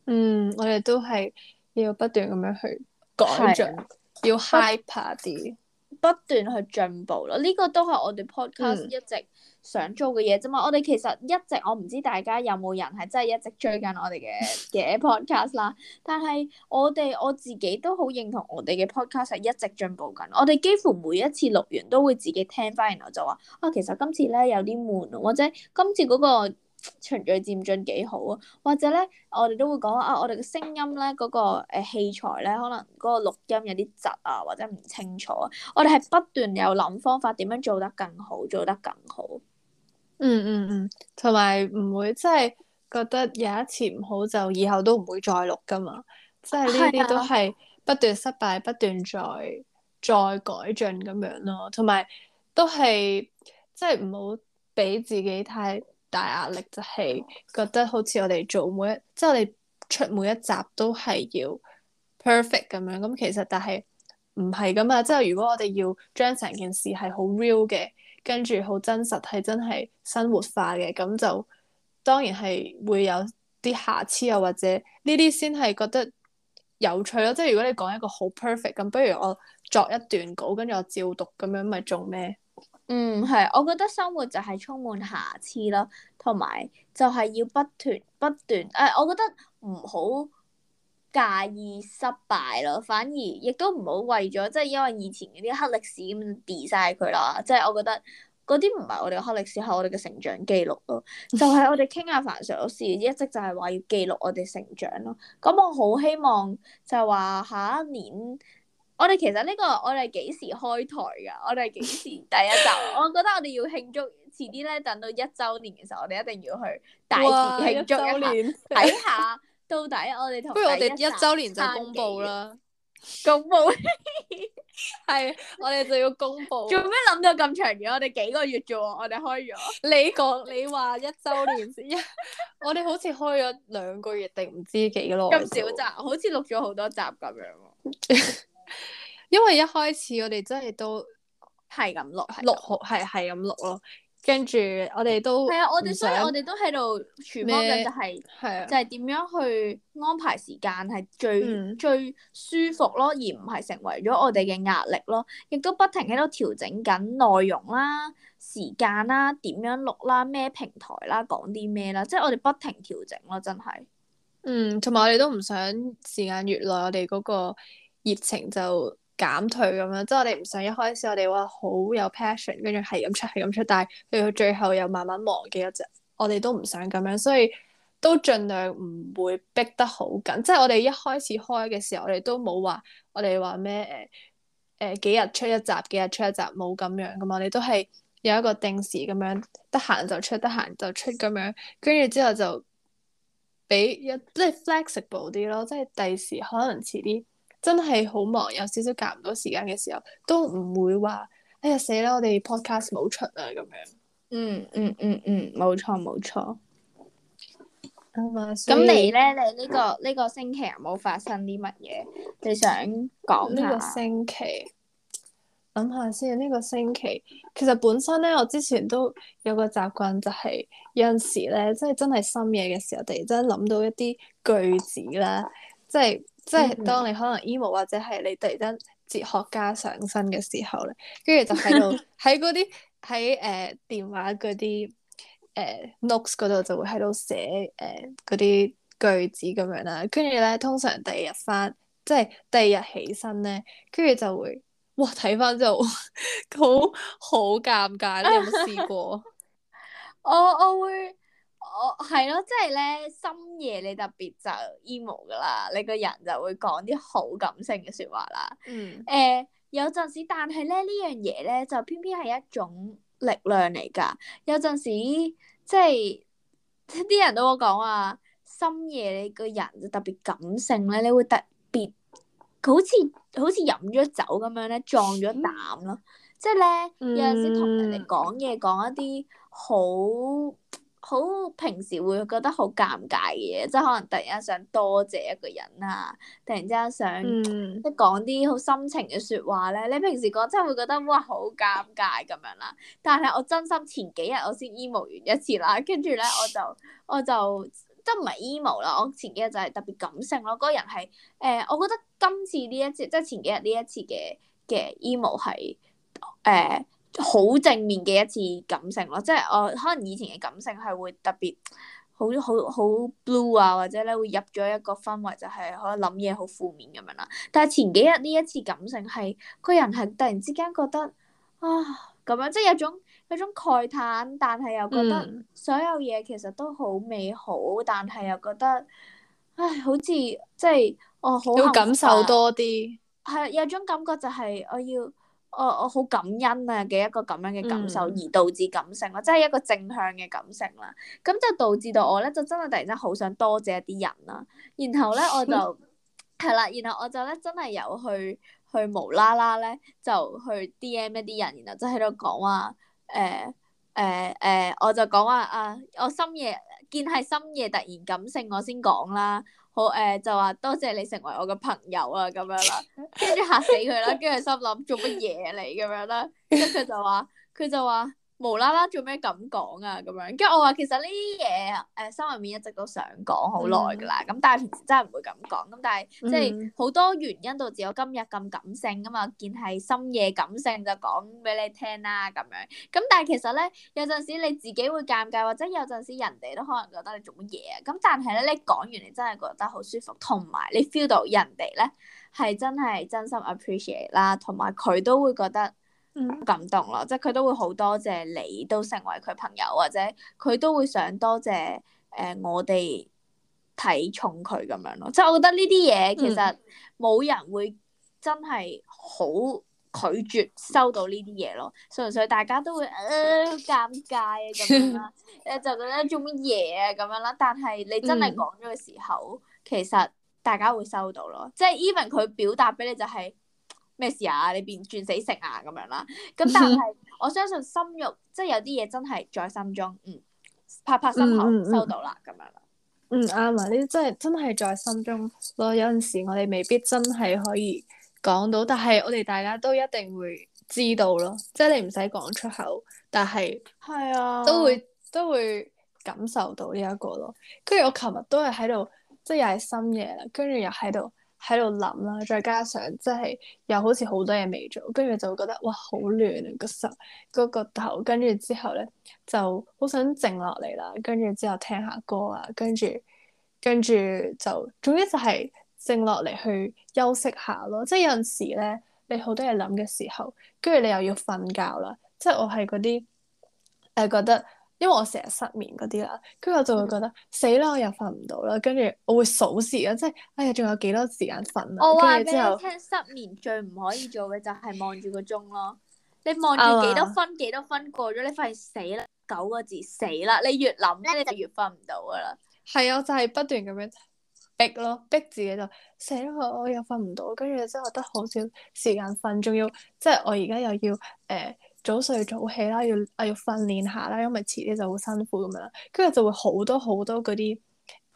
嗯，我哋都係要不斷咁樣去改進，的要 hyper 啲，不斷去進步咯。呢、這個都係我哋 podcast 一直、嗯。想做嘅嘢啫嘛！我哋其實一直我唔知大家有冇人係真係一直追緊我哋嘅嘅 podcast 啦。但係我哋我自己都好認同我，我哋嘅 podcast 係一直進步緊。我哋幾乎每一次錄完都會自己聽翻，然後就話啊，其實今次咧有啲悶啊，或者今次嗰個循序漸進幾好啊，嗰個呃，啊，或者咧我哋都會講啊，我哋嘅聲音咧嗰個器材咧可能嗰個錄音有啲窒啊，或者唔清楚啊。我哋係不斷有諗方法點樣做得更好，做得更好。嗯嗯嗯，同埋唔會即係覺得有一次唔好就以後都唔會再錄噶嘛，即係呢啲都係不斷失敗，的不斷再再改進咁樣咯。同埋都係即係唔好俾自己太大壓力，就係覺得好似我哋做每一，即係我哋出每一集都係要 perfect 咁樣。咁其實但係唔係噶嘛，即係如果我哋要將成件事係好 real 嘅。跟住好真實，係真係生活化嘅，咁就當然係會有啲瑕疵、啊，又或者呢啲先係覺得有趣咯、啊。即係如果你講一個好 perfect，咁不如我作一段稿，跟住我照讀咁樣，咪做咩？嗯，係，我覺得生活就係充滿瑕疵咯，同埋就係要不斷不斷。誒、哎，我覺得唔好介意失敗咯，反而亦都唔好為咗即係因為以前嗰啲黑歷史咁 delete 曬佢啦，即、就、係、是、我覺得嗰啲唔係我哋嘅黑歷史，係我哋嘅成長記錄咯。就係、是、我哋傾下凡常事，一直就係話要記錄我哋成長咯。咁我好希望就係話下一年，我哋其實呢、這個我哋幾時開台㗎？我哋幾時第一集？ 我覺得我哋要慶祝，遲啲咧等到一周年嘅時候，我哋一定要去大肆慶祝一下，睇哇下。 到底我哋，不如我哋一周年就公布啦！公布，係我哋就要公布。做咩諗到咁長嘅？我哋幾個月啫，我哋開咗。 你講你話一周年先， 我哋好似開咗兩個月定唔知幾咯？咁少集，好似錄咗好多集咁樣。 因為一開始我哋真係都係咁錄，錄好係係咁錄咯。跟住我哋都係啊！我哋所以我哋都喺度全包嘅，啊、就係就係點樣去安排時間係最、嗯、最舒服咯，而唔係成為咗我哋嘅壓力咯。亦都不停喺度調整緊內容啦、時間啦、點樣錄啦、咩平台啦、講啲咩啦，即係我哋不停調整咯，真係。嗯，同埋我哋都唔想時間越耐，我哋嗰個熱情就～減退咁樣，即係我哋唔想一開始我哋話好有 passion，跟住係咁出係咁出，但係去到最後又慢慢忘記咗就，我哋都唔想咁樣，所以都盡量唔會逼得好緊。即係我哋一開始開嘅時候，我哋都冇話我哋話咩誒誒幾日出一集，幾日出一集冇咁樣噶嘛，我哋都係有一個定時咁樣，得閒就出，得閒就出咁樣，跟住之後就俾一即係 flexible 啲咯，即係第時可能遲啲。真係好忙，有少少夾唔到時間嘅時候，都唔會話哎呀死啦，我哋 podcast 冇出啊咁樣。嗯嗯嗯嗯，冇錯冇錯。咁、嗯嗯嗯嗯、你咧，你呢、呢個呢、呢個星期有冇發生啲乜嘢？你想講呢、嗯呢個星期？諗下先，呢、呢個星期其實本身咧，我之前都有個習慣、就係，就係有陣時咧，即係真係深夜嘅時候，突然之間諗到一啲句子啦，即係。即係當你可能 emo 或者係你突然間哲學家上身嘅時候咧，跟住就喺度喺嗰啲喺誒電話嗰啲誒 notes 嗰度就會喺度寫誒嗰啲句子咁樣啦，跟住咧通常第二日翻，即係第二日起身咧，跟住就會哇睇翻之後好好，好尷尬，你有冇試過啊 我我會。 哦，係咯，即係咧深夜你特別就 emo 噶啦，你個人就會講啲好感性嘅說話啦。嗯，誒、呃、有陣時，但係咧呢樣嘢咧就偏偏係一種力量嚟噶。有陣時即係啲人都會講話，深夜你個人就特別感性咧，你會特別好似好似飲咗酒咁樣咧撞咗膽咯。即係咧有陣時同人哋講嘢講一啲好。好，平時會覺得好尷尬嘅嘢，即係可能突然之間想多謝一個人啦、啊，突然之間想即係講啲好心情嘅説話咧。你平時講真會覺得哇好尷尬咁樣啦。但係我真心前幾日我先 emo 完一次啦，跟住咧我就我就即唔係 emo 啦。我前幾日就係特別感性咯。嗰個人係誒、呃，我覺得今次呢一次即係前幾日呢一次嘅嘅 emo 係誒。好正面嘅一次感性咯，即係我、呃、可能以前嘅感性係會特別好好好 blue 啊，或者咧會入咗一個氛圍，就係、是、可能諗嘢好負面咁樣啦。但係前幾日呢一次感性係，個人係突然之間覺得啊咁樣，即係有種有種慨嘆，但係又覺得所有嘢其實都好美好，但係又覺得唉，好似即係哦，好要感受多啲，係有種感覺就係我要。我我好感恩啊嘅一個咁樣嘅感受，而導致感性咯，即係一個正向嘅感性啦。咁就導致到我咧，就真係突然之間好想多謝一啲人啦。然後咧我就係啦， 然後我就咧真係有去去無啦啦咧，就去 DM 一啲人，然後就喺度講話誒誒誒，我就講話啊，我深夜見係深夜突然感性我、啊，我先講啦。好誒、呃，就話多謝你成為我嘅朋友啊，咁樣啦，跟住嚇死佢啦，跟住心諗做乜嘢嚟？咁樣啦，跟住佢就話，佢就話。無啦啦做咩咁講啊？咁樣，跟住我話其實呢啲嘢，誒、呃、心入面一直都想講好耐噶啦，咁、嗯、但係平時真係唔會咁講，咁但係即係好、嗯、多原因導致我今日咁感性噶嘛，嗯、見係深夜感性就講俾你聽啦咁樣，咁但係其實咧有陣時你自己會尷尬，或者有陣時人哋都可能覺得你做乜嘢啊？咁但係咧你講完你真係覺得好舒服，同埋你 feel 到人哋咧係真係真心 appreciate 啦，同埋佢都會覺得。嗯，感動咯，即係佢都會好多謝你都成為佢朋友，或者佢都會想多謝誒、呃、我哋睇重佢咁樣咯。即係我覺得呢啲嘢其實冇人會真係好拒絕收到呢啲嘢咯。所以大家都會好、呃、尷尬啊咁樣啦，誒 就覺得做乜嘢啊咁樣啦。但係你真係講咗嘅時候，嗯、其實大家會收到咯。即係 even 佢表達俾你就係、是。咩事啊？你變轉死食啊咁樣啦。咁但係 我相信心肉，即係有啲嘢真係在心中。嗯，拍拍心口、嗯、收到啦，嗯、咁樣。嗯，啱啊！呢啲真係真係在心中咯。有陣時我哋未必真係可以講到，但係我哋大家都一定會知道咯。即係你唔使講出口，但係係啊，都會都會感受到呢一個咯。跟住我琴日都係喺度，即係又係深夜啦。跟住又喺度。喺度諗啦，再加上即係又好似好多嘢未做，跟住就會覺得哇，好亂啊、個手、個頭，跟住之後咧，就好想靜落嚟啦，跟住之後聽下歌啊，跟住跟住就，總之就係靜落嚟去休息下咯。即係有陣時咧，你好多嘢諗嘅時候，跟住你又要瞓覺啦。即係我係嗰啲誒覺得。因為我成日失眠嗰啲啦，跟住我就會覺得、嗯、死啦，我又瞓唔到啦。跟住我會數時啊，即係哎呀，仲有幾多時間瞓啊？我話說俾你聽，失眠最唔可以做嘅就係望住個鐘咯。你望住幾、啊、幾多分幾多分過咗，你發現死啦，九個字死啦。你越諗咧，你就越瞓唔到噶啦。係啊，就係不斷咁樣逼咯，逼自己就死啦，我又瞓唔到。跟住之後覺得好少時間瞓，仲要即係我而家又要誒。呃呃早睡早起啦，要啊要訓練下啦，因為遲啲就好辛苦咁樣，跟住就會好多好多嗰啲誒、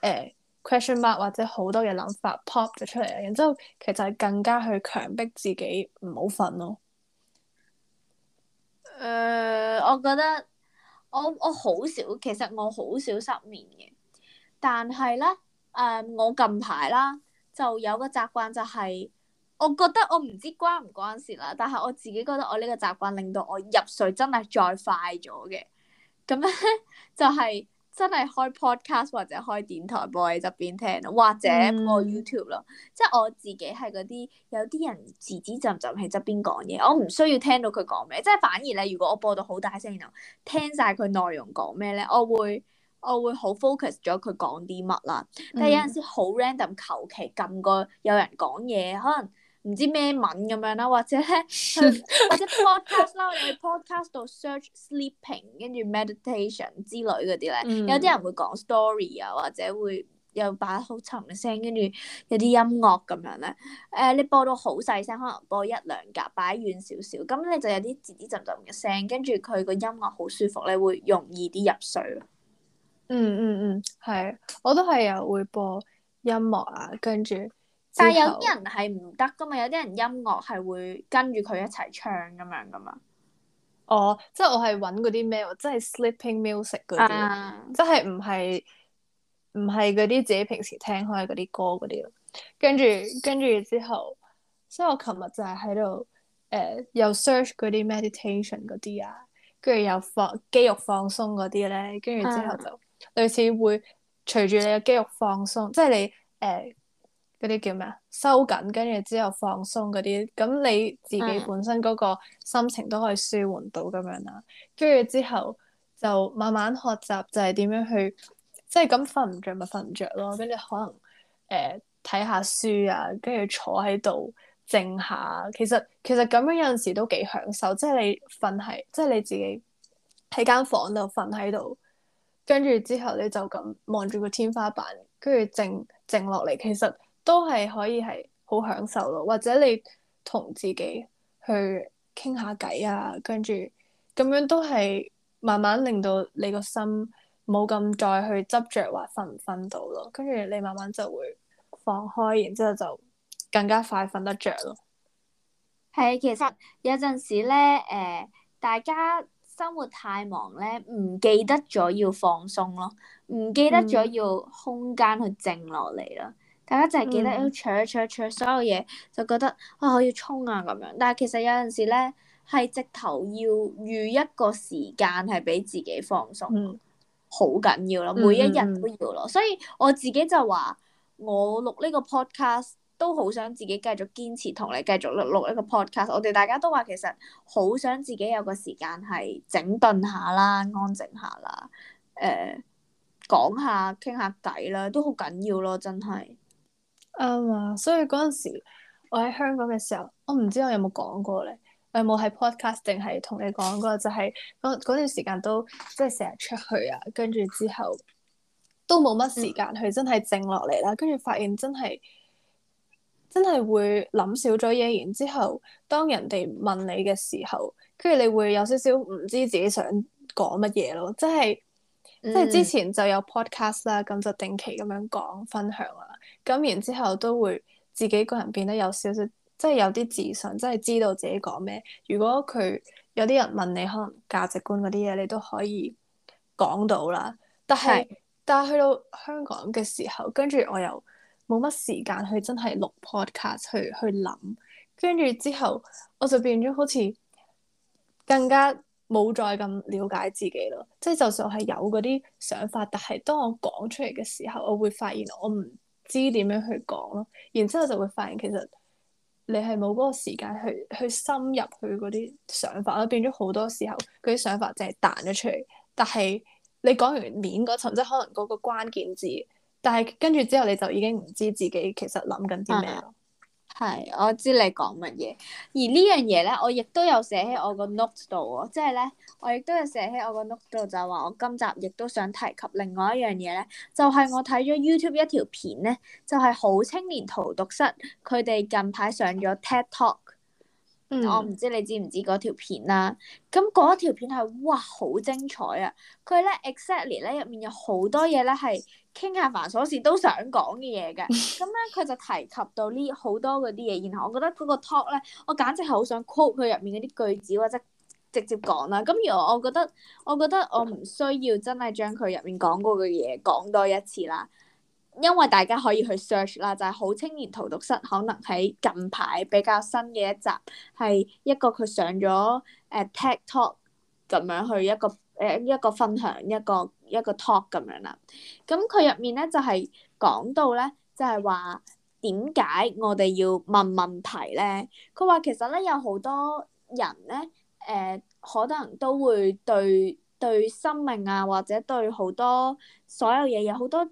呃、question mark 或者好多嘢諗法 pop 咗出嚟，然之後其實係更加去強迫自己唔好瞓咯。誒、呃，我覺得我我好少，其實我好少失眠嘅，但係咧誒，我近排啦就有個習慣就係、是。我覺得我唔知關唔關事啦，但係我自己覺得我呢個習慣令到我入睡真係再快咗嘅。咁咧就係真係開 podcast 或者開電台播喺側邊聽，或者播 YouTube 咯。Mm. 即係我自己係嗰啲有啲人自指浸浸喺側邊講嘢，我唔需要聽到佢講咩，即係反而咧，如果我播到好大聲啊，聽晒佢內容講咩咧，我會我會好 focus 咗佢講啲乜啦。但係有陣時好 random，求其撳個有人講嘢，可能。唔知咩文咁樣啦，或者咧， 或者 podcast 啦，你去 podcast 度 search sleeping，跟住 meditation 之類嗰啲咧，嗯、有啲人會講 story 啊，或者會有把好沉嘅聲，跟住有啲音樂咁樣咧。誒，你播到好細聲，可能播一兩格，擺遠少少，咁你就有啲滋滋浸浸嘅聲，跟住佢個音樂好舒服，你會容易啲入睡咯。嗯。嗯嗯嗯，係，我都係有會播音樂啊，跟住。但係有啲人係唔得噶嘛，有啲人音樂係會跟住佢一齊唱咁樣噶嘛。哦，即係我係搵嗰啲咩？即係 sleeping music 嗰啲，uh. 即係唔係唔係嗰啲自己平時聽開嗰啲歌嗰啲咯。跟住跟住之後，所以我琴日就係喺度誒，又 search 嗰啲 meditation 嗰啲啊，跟住又放肌肉放鬆嗰啲咧。跟住之後就類似會隨住你嘅肌肉放鬆，uh. 即係你誒。呃嗰啲叫咩啊？收緊，跟住之後放鬆嗰啲咁，你自己本身嗰個心情都可以舒緩到咁樣啦。跟住之後就慢慢學習，就係點樣去即係咁瞓唔着咪瞓唔着咯。跟住可能誒睇下書啊，跟住坐喺度靜下。其實其實咁樣有陣時都幾享受，即係你瞓喺即係你自己喺間房度瞓喺度，跟住之後你就咁望住個天花板，跟住靜靜落嚟，其實～都係可以係好享受咯，或者你同自己去傾下偈啊，跟住咁樣都係慢慢令到你個心冇咁再去執着話瞓唔瞓到咯，跟住你慢慢就會放開，然之後就更加快瞓得着咯。係。其實有陣時咧，誒、呃，大家生活太忙咧，唔記得咗要放鬆咯，唔記得咗要空間去靜落嚟啦。嗯大家就係記得要 check check check 所有嘢，就覺得啊我要衝啊咁樣，但係其實有陣時咧係直頭要預一個時間係俾自己放鬆，好緊、嗯、要咯，每一日都要咯。嗯、所以我自己就話我錄呢個 podcast 都好想自己繼續堅持同你繼續錄錄一個 podcast。我哋大家都話其實好想自己有個時間係整頓下啦，安靜下啦，誒、呃、講下傾下偈啦，都好緊要咯，真係。真啱啊，um, 所以陣時我喺香港嘅時候，我唔知我有冇講過咧，我有冇喺 podcast 定係同你講過，就係嗰嗰段時間都即係成日出去啊，跟住之後都冇乜時間去真係靜落嚟啦。跟住發現真係真係會諗少咗嘢，然之後當人哋問你嘅時候，跟住你會有少少唔知自己想講乜嘢咯，即係即係之前就有 podcast 啦，咁就定期咁樣講分享啊。咁，然之後都會自己個人變得有少少，即係有啲自信，即係知道自己講咩。如果佢有啲人問你，可能價值觀嗰啲嘢，你都可以講到啦。但係，是但係去到香港嘅時候，跟住我又冇乜時間去真係錄 podcast 去去諗。跟住之後，我就變咗好似更加冇再咁了解自己咯。即係就算我係有嗰啲想法，但係當我講出嚟嘅時候，我會發現我唔～知點樣去講咯，然之後就會發現其實你係冇嗰個時間去去深入佢嗰啲想法咯。變咗好多時候佢啲想法淨係彈咗出嚟，但係你講完面嗰層，即係可能嗰個關鍵字，但係跟住之後你就已經唔知自己其實諗緊啲咩咯。 係，我知你講乜嘢。而呢樣嘢咧，我亦都有寫喺我個 note 度喎。即係咧，我亦都有寫喺我個 note 度，就話、是、我今集亦都想提及另外一樣嘢咧，就係、是、我睇咗 YouTube 一條片咧，就係、是、好青年荼毒室，佢哋近排上咗 TED Talk。嗯。我唔知你知唔知嗰條片啦、啊。咁嗰條片係，哇，好精彩啊！佢咧，exactly 咧，入面有好多嘢咧係。傾下煩瑣事都想講嘅嘢嘅，咁咧佢就提及到呢好多嗰啲嘢，然後我覺得嗰個 talk 咧，我簡直係好想 quote 佢入面嗰啲句子或者直接講啦。咁而我覺得，我覺得我唔需要真係將佢入面講過嘅嘢講多一次啦，因為大家可以去 search 啦，就係《好青年荼毒室》可能喺近排比較新嘅一集，係一個佢上咗誒、uh, Tech Talk 咁樣去一個。誒一個分享一個一個 talk 咁樣啦，咁佢入面咧就係、是、講到咧，就係話點解我哋要問問題咧？佢話其實咧有好多人咧，誒、呃、可能都會對對生命啊，或者對好多所有嘢有好多。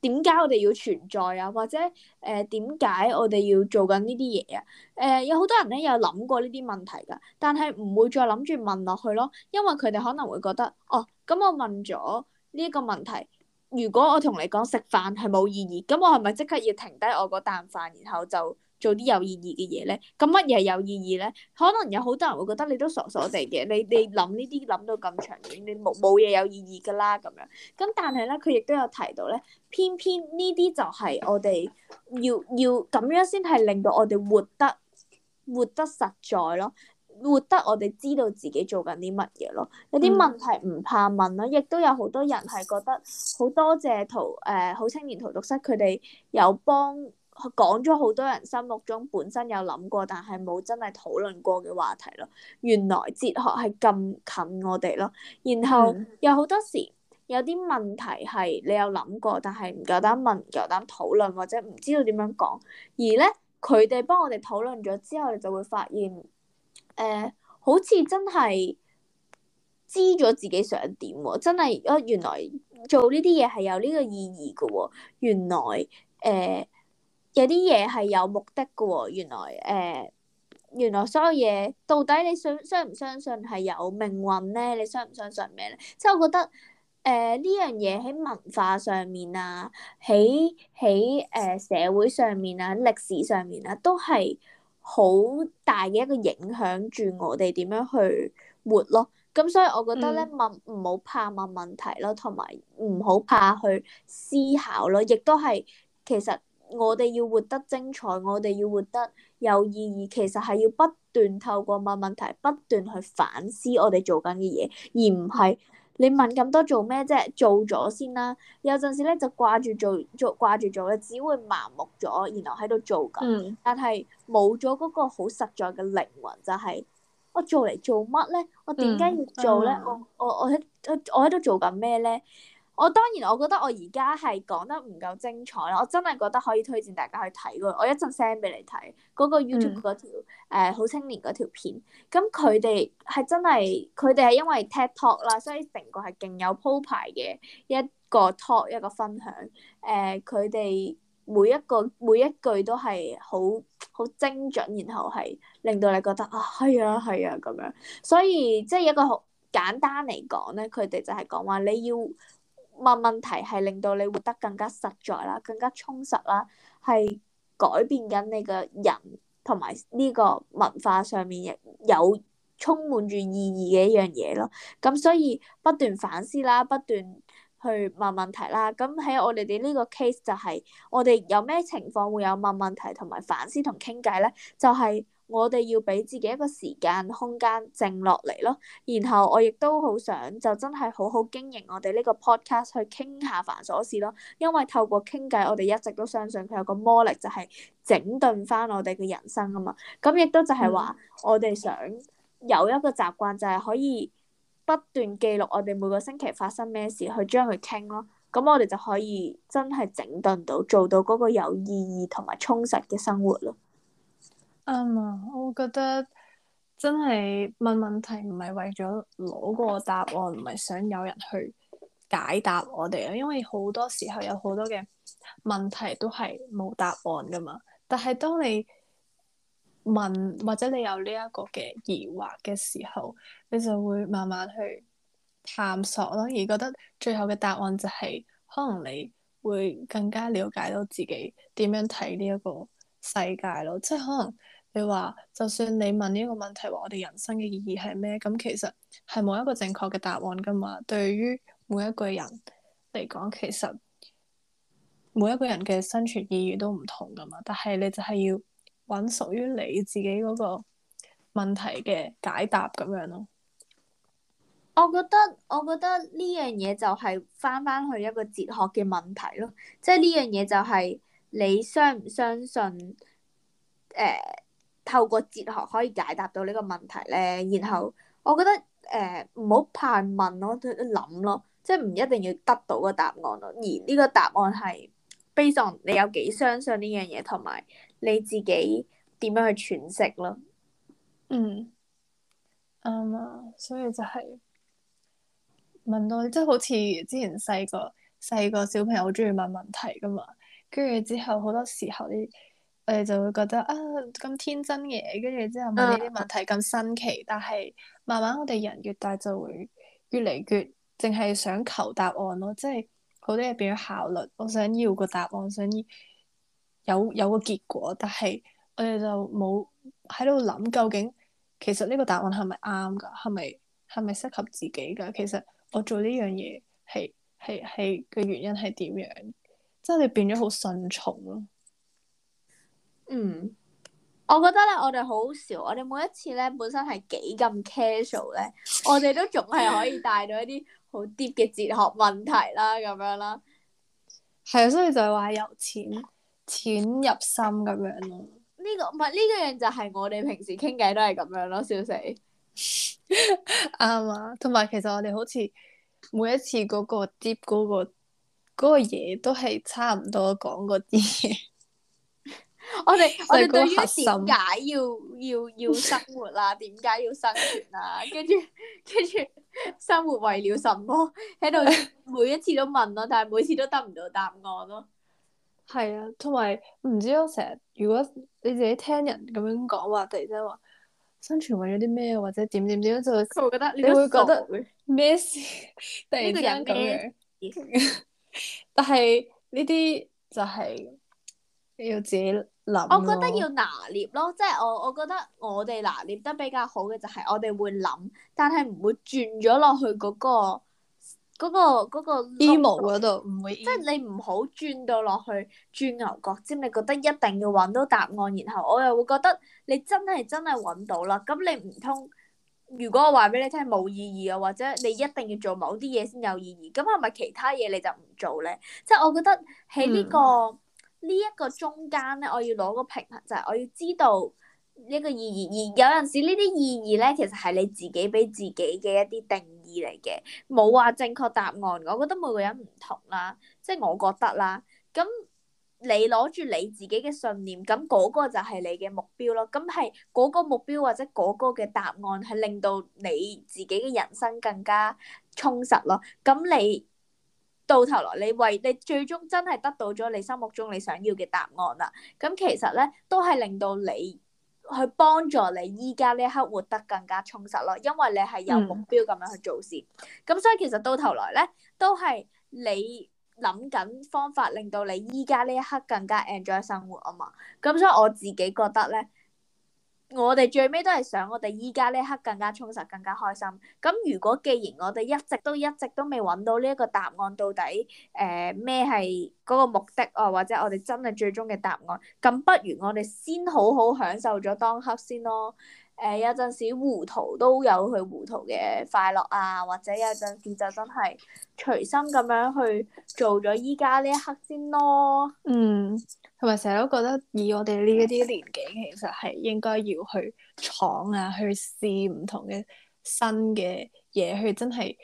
點解我哋要存在啊？或者誒點解我哋要做緊呢啲嘢啊？誒、呃、有好多人咧有諗過呢啲問題㗎，但係唔會再諗住問落去咯，因為佢哋可能會覺得，哦咁我問咗呢一個問題，如果我同你講食飯係冇意義，咁我係咪即刻要停低我嗰啖飯，然後就？做啲有意義嘅嘢咧，咁乜嘢係有意義咧？可能有好多人會覺得你都傻傻哋嘅，你你諗呢啲諗到咁長遠，你冇冇嘢有意義噶啦咁樣。咁但係咧，佢亦都有提到咧，偏偏呢啲就係我哋要要咁樣先係令到我哋活得活得實在咯，活得我哋知道自己做緊啲乜嘢咯。有啲問題唔怕問啦，亦都有好多人係覺得，好多謝荼，誒，好青年荼毒室，佢哋有幫。講咗好多人心目中本身有諗過，但係冇真係討論過嘅話題咯。原來哲學係咁近我哋咯，然後嗯、有好多時有啲問題係你有諗過，但係唔夠膽問，唔夠膽討論，或者唔知道點樣講。而咧，佢哋幫我哋討論咗之後，你就會發現誒、呃，好似真係知咗自己想點喎。真係、呃、原來做呢啲嘢係有呢個意義㗎。原來誒。呃有啲嘢係有目的嘅喎、哦，原來誒、呃，原來所有嘢到底你相相唔相信係有命運咧？你相唔相信咩咧？即係我覺得誒呢樣嘢喺文化上面啊，喺喺誒社會上面啊，喺歷史上面啊，都係好大嘅一個影響住我哋點樣去活咯。咁所以我覺得咧，問唔好怕問問題咯，同埋唔好怕去思考咯，亦都係其實。我哋要活得精彩，我哋要活得有意義，其實係要不斷透過問問題，不斷去反思我哋做緊嘅嘢，而唔係你問咁多做咩啫？做咗先啦。有陣時咧就掛住做做掛住做，你只會麻木咗，然後喺度做緊，但係冇咗嗰個好實在嘅靈魂，就係我做嚟做乜咧？我點解要做咧？我我我喺我喺度做緊咩咧？我當然，我覺得我而家係講得唔夠精彩啦。我真係覺得可以推薦大家去睇我一陣 send 俾你睇嗰、那個 YouTube 嗰條好、嗯呃、青年嗰條片。咁佢哋係真係佢哋係因為 TED talk 啦，所以成個係勁有鋪排嘅一個 talk 一個分享。誒、呃，佢哋每一個每一句都係好好精準，然後係令到你覺得啊係啊係啊咁、啊、樣。所以即係、就是、一個好簡單嚟講咧，佢哋就係講話你要。問問題係令到你活得更加實在啦，更加充實啦，係改變緊你嘅人同埋呢個文化上面有充滿住意義嘅一樣嘢咯。咁所以不斷反思啦，不斷去問問題啦。咁喺我哋哋呢個 case 就係、是、我哋有咩情況會有問問題同埋反思同傾偈咧，就係、是。我哋要俾自己一個時間空間靜落嚟咯，然後我亦都好想就真係好好經營我哋呢個 podcast 去傾下煩瑣事咯。因為透過傾偈，我哋一直都相信佢有個魔力，就係整頓返我哋嘅人生啊嘛。咁亦都就係話，我哋想有一個習慣，就係可以不斷記錄我哋每個星期發生咩事，去將佢傾咯。咁我哋就可以真係整頓到做到嗰個有意義同埋充實嘅生活咯。啱啊！Um, 我覺得真係問問題唔係為咗攞個答案，唔係想有人去解答我哋啊。因為好多時候有好多嘅問題都係冇答案噶嘛。但係當你問或者你有呢一個嘅疑惑嘅時候，你就會慢慢去探索咯，而覺得最後嘅答案就係、是、可能你會更加了解到自己點樣睇呢一個世界咯，即係可能。你話就算你問呢一個問題，話我哋人生嘅意義係咩？咁其實係冇一個正確嘅答案噶嘛。對於每一個人嚟講，其實每一個人嘅生存意義都唔同噶嘛。但係你就係要揾屬於你自己嗰個問題嘅解答咁樣咯。我覺得，我覺得呢樣嘢就係返返去一個哲學嘅問題咯。即係呢樣嘢就係你相唔相信誒？呃透過哲學可以解答到呢個問題咧，然後我覺得誒唔好怕問咯，都諗咯，即係唔一定要得到答個答案咯，而呢個答案係悲 a 你有幾相信呢樣嘢，同埋你自己點樣去詮釋咯。嗯，啱啊，所以就係、是、問多，即、就、係、是、好似之前細個細個小朋友好中意問問題噶嘛，跟住之後好多時候你。我哋就會覺得啊咁天真嘅，跟住之後冇呢啲問題咁新奇，啊、但係慢慢我哋人越大就會越嚟越淨係想求答案咯，即係好多嘢變咗效率。我想要個答案，想要有有個結果，但係我哋就冇喺度諗究竟其實呢個答案係咪啱㗎？係咪係咪適合自己㗎？其實我做呢樣嘢係係係嘅原因係點樣？即係我哋變咗好順從咯。嗯，我覺得咧，我哋好少，我哋每一次咧，本身係幾咁 casual 咧， 我哋都仲係可以帶到一啲好 deep 嘅哲學問題啦，咁樣啦。係啊，所以就係話由淺淺入心咁樣咯。呢、這個唔係呢個樣就係我哋平時傾偈都係咁樣咯，笑死。啱啊，同埋其實我哋好似每一次嗰個 deep 嗰、嗰個嗰、嗰個嘢都係差唔多講嗰啲嘢。我哋我哋對於點解要 要要，要生活啦、啊，點解要生存啦、啊，跟住跟住生活為了什麼，喺度每一次都問咯、啊，但係每次都得唔到答案咯。係啊，同埋唔知我成日，如果你自己聽人咁樣講話，突然之間話生存為咗啲咩，或者點點點就會會覺得你，你會覺得咩事？呢個人咁樣，Yes. 但係呢啲就係要自己。我覺得要拿捏咯，即係我我覺得我哋拿捏得比較好嘅就係我哋會諗，但係唔會轉咗落去嗰個嗰個嗰個 emo 嗰度，唔會即係你唔好轉到落去轉牛角尖，你覺得一定要搵到答案，然後我又會覺得你真係真係搵到啦，咁你唔通如果我話俾你聽冇意義啊，或者你一定要做某啲嘢先有意義，咁係咪其他嘢你就唔做咧？即係我覺得喺呢個。嗯呢一個中間咧，我要攞個平衡就係我要知道呢個意義，而有陣時呢啲意義咧，其實係你自己俾自己嘅一啲定義嚟嘅，冇話正確答案。我覺得每個人唔同啦，即係我覺得啦。咁你攞住你自己嘅信念，咁嗰個就係你嘅目標咯。咁係嗰個目標或者嗰個嘅答案，係令到你自己嘅人生更加充實咯。咁你。到頭來，你為你最終真係得到咗你心目中你想要嘅答案啦。咁其實咧，都係令到你去幫助你依家呢一刻活得更加充實咯。因為你係有目標咁樣去做事。咁、嗯、所以其實到頭來咧，都係你諗緊方法令到你依家呢一刻更加 enjoy 生活啊嘛。咁所以我自己覺得咧。我哋最尾都係想我哋依家呢刻更加充實，更加開心。咁如果既然我哋一直都一直都未揾到呢一個答案，到底誒咩係嗰個目的啊？或者我哋真係最終嘅答案，咁不如我哋先好好享受咗當刻先咯。誒、呃，有陣時糊塗都有佢糊塗嘅快樂啊，或者有陣時就真係隨心咁樣去做咗依家呢一刻先咯。嗯。同埋成日都覺得，以我哋呢一啲年紀，其實係應該要去闖啊，去試唔同嘅新嘅嘢，去真係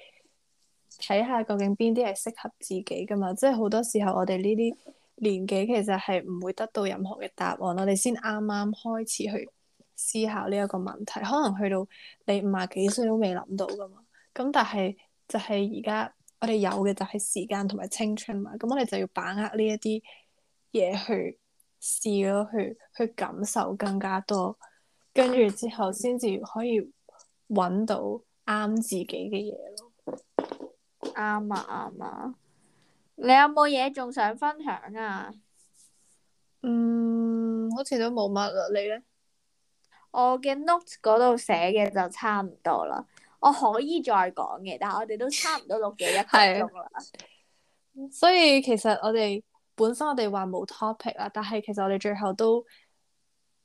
睇下究竟邊啲係適合自己噶嘛。即係好多時候，我哋呢啲年紀其實係唔會得到任何嘅答案，我哋先啱啱開始去思考呢一個問題。可能去到你五十幾歲都未諗到噶嘛。咁但係就係而家我哋有嘅就係時間同埋青春嘛。咁我哋就要把握呢一啲。嘢去試咯，去去感受更加多，跟住之後先至可以搵到啱自己嘅嘢咯。啱啊，啱啊！你有冇嘢仲想分享啊？嗯，好似都冇乜啦。你咧？我嘅 note 嗰度寫嘅就差唔多啦。我可以再講嘅，但係我哋都差唔多錄咗一個鐘啦 。所以其實我哋。本身我哋話冇 topic 啦，但係其實我哋最後都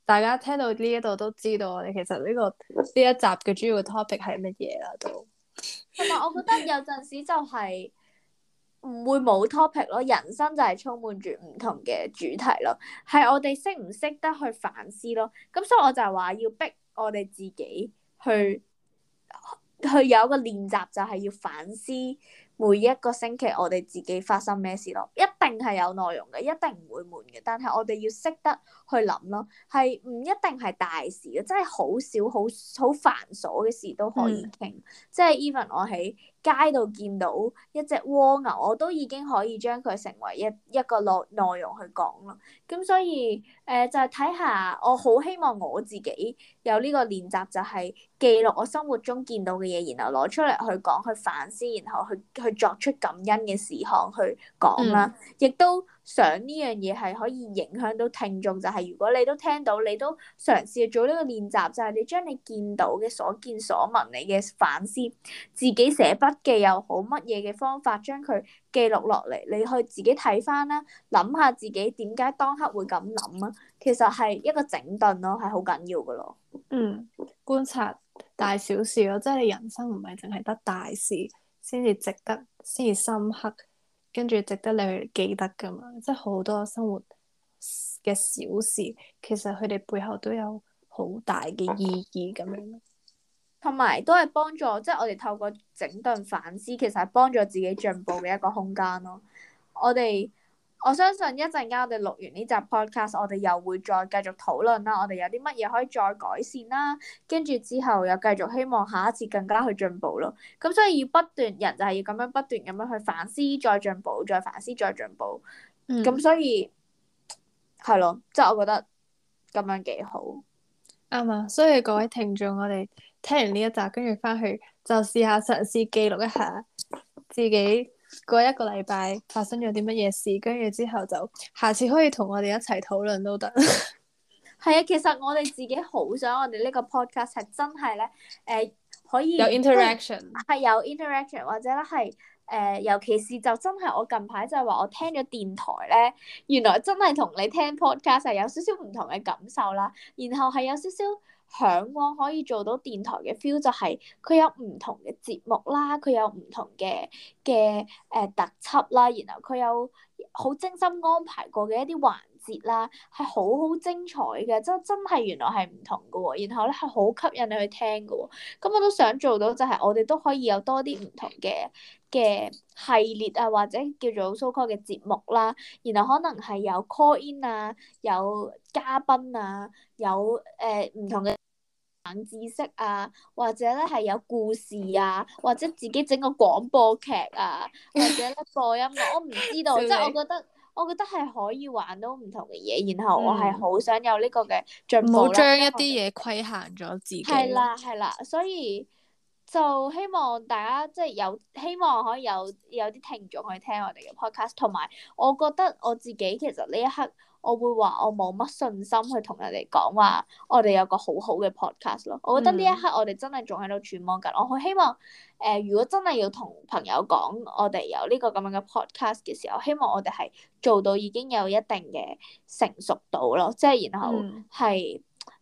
大家聽到呢一度都知道我哋其實呢個呢一集嘅主要嘅 topic 係乜嘢啦，都。同埋我覺得有陣時就係唔會冇 topic 咯，人生就係充滿住唔同嘅主題咯，係我哋識唔識得去反思咯。咁所以我就係話要逼我哋自己去去有一個練習，就係要反思。每一個星期我哋自己發生咩事咯，一定係有內容嘅，一定唔會悶嘅。但係我哋要識得去諗咯，係唔一定係大事嘅，即係好少好好繁瑣嘅事都可以傾，嗯、即係 even 我喺。街度見到一隻蝸牛，我都已經可以將佢成為一一個內內容去講咯。咁所以誒、呃，就係睇下，我好希望我自己有呢個練習，就係記錄我生活中見到嘅嘢，然後攞出嚟去講，去反思，然後去去作出感恩嘅事項去講啦，亦、嗯、都。想呢樣嘢係可以影響到聽眾，就係，如果你都聽到，你都嘗試做呢個練習，就係，你將你見到嘅所見所聞，你嘅反思，自己寫筆記又好，乜嘢嘅方法將佢記錄落嚟，你去自己睇翻啦，諗下自己點解當刻會咁諗啊，其實係一個整頓咯，係好緊要㗎咯。嗯，觀察大小事咯，即係你人生唔係淨係得大事先至值得，先至深刻。跟住值得你去記得㗎嘛，即係好多生活嘅小事，其實佢哋背後都有好大嘅意義咁樣，同埋都係幫助，即係我哋透過整頓反思，其實係幫助自己進步嘅一個空間咯，我哋。我相信一陣間我哋錄完呢集 podcast，我哋又會再繼續討論啦。我哋有啲乜嘢可以再改善啦，跟住之後又繼續希望下一次更加去進步咯。咁所以要不斷，人就係要咁樣不斷咁樣去反思，再進步，再反思，再進步。咁、嗯、所以係咯，即係我覺得咁樣幾好。啱啊、嗯， 所以各位聽眾，我哋聽完呢一集，跟住翻去就試下嘗試記錄一下自己嗰一個禮拜發生咗啲乜嘢事，跟住之後就下次可以同我哋一齊討論都得。係 啊，其實我哋自己好想我哋呢個 podcast 係真係咧，誒、呃、可以有 interaction，係有 interaction 或者咧係誒，尤其是就真係我近排就係話我聽咗電台咧，原來真係同你聽 podcast 係有少少唔同嘅感受啦，然後係有少少。響喎，可以做到電台嘅 feel 就係佢有唔同嘅節目啦，佢有唔同嘅嘅誒特輯啦，然後佢有。好精心安排過嘅一啲環節啦，係好好精彩嘅，真真係原來係唔同㗎喎。然後咧係好吸引你去聽㗎喎，咁、嗯、我都想做到就係我哋都可以有多啲唔同嘅嘅系列啊，或者叫做 so called 嘅節目啦。然後可能係有 call in 啊，有嘉賓啊，有誒唔同嘅。玩知識啊，或者咧係有故事啊，或者自己整個廣播劇啊，或者咧播音樂， 我唔知道， 即係我覺得我覺得係可以玩到唔同嘅嘢，然後我係好想有呢個嘅進步啦。嗯，唔好將一啲嘢規限咗自己。係啦，係啦，啦，所以就希望大家即係有希望可以有有啲聽眾去聽我哋嘅 podcast，同埋我覺得我自己其實呢一刻。我會話我冇乜信心去同人哋講話，我哋有個好好嘅 podcast 咯。我覺得呢一刻我哋真係仲喺度揣摩緊。我好希望，誒、呃，如果真係要同朋友講我哋有呢個咁樣嘅 podcast 嘅時候，希望我哋係做到已經有一定嘅成熟度咯，即係然後係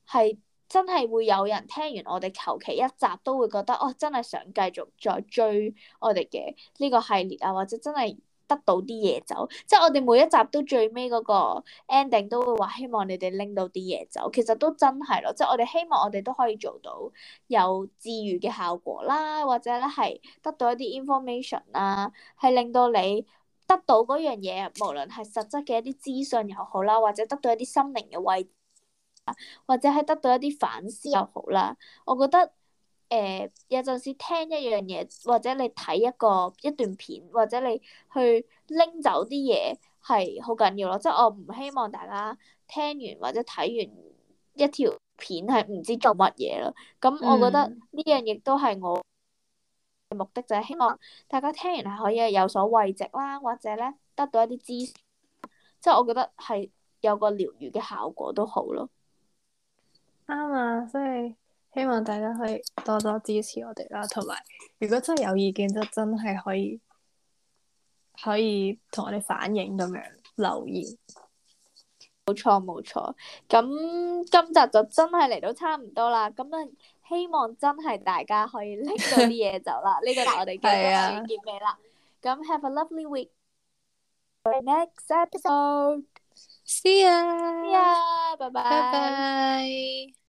係、嗯、真係會有人聽完我哋求其一集都會覺得，哦，真係想繼續再追我哋嘅呢個系列啊，或者真係。得到啲嘢走，即係我哋每一集都最尾嗰個 ending 都會話希望你哋拎到啲嘢走，其實都真係咯，即係我哋希望我哋都可以做到有治愈嘅效果啦，或者咧係得到一啲 information 啦、啊，係令到你得到嗰樣嘢，無論係實質嘅一啲資訊又好啦，或者得到一啲心靈嘅慰藉，或者係得到一啲反思又好啦，我覺得。誒，有陣時聽一樣嘢，或者你睇一個一段片，或者你去拎走啲嘢，係好緊要咯。即係我唔希望大家聽完或者睇完一條片係唔知做乜嘢咯。咁我覺得呢樣亦都係我嘅目的就係希望大家聽完係可以有所慰藉啦，或者咧得到一啲資，即係我覺得係有個療愈嘅效果都好咯。啱啊，即係。希望大家可以多多支持我哋啦，同埋如果真係有意見，就真係可以可以同我哋反映咁樣留言。冇錯冇錯，咁今集就真係嚟到差唔多啦。咁啊，希望真係大家可以拎到啲嘢走啦。呢個就我哋嘅結尾啦。咁 Have a lovely week。Next episode。See ya。See ya。Bye bye。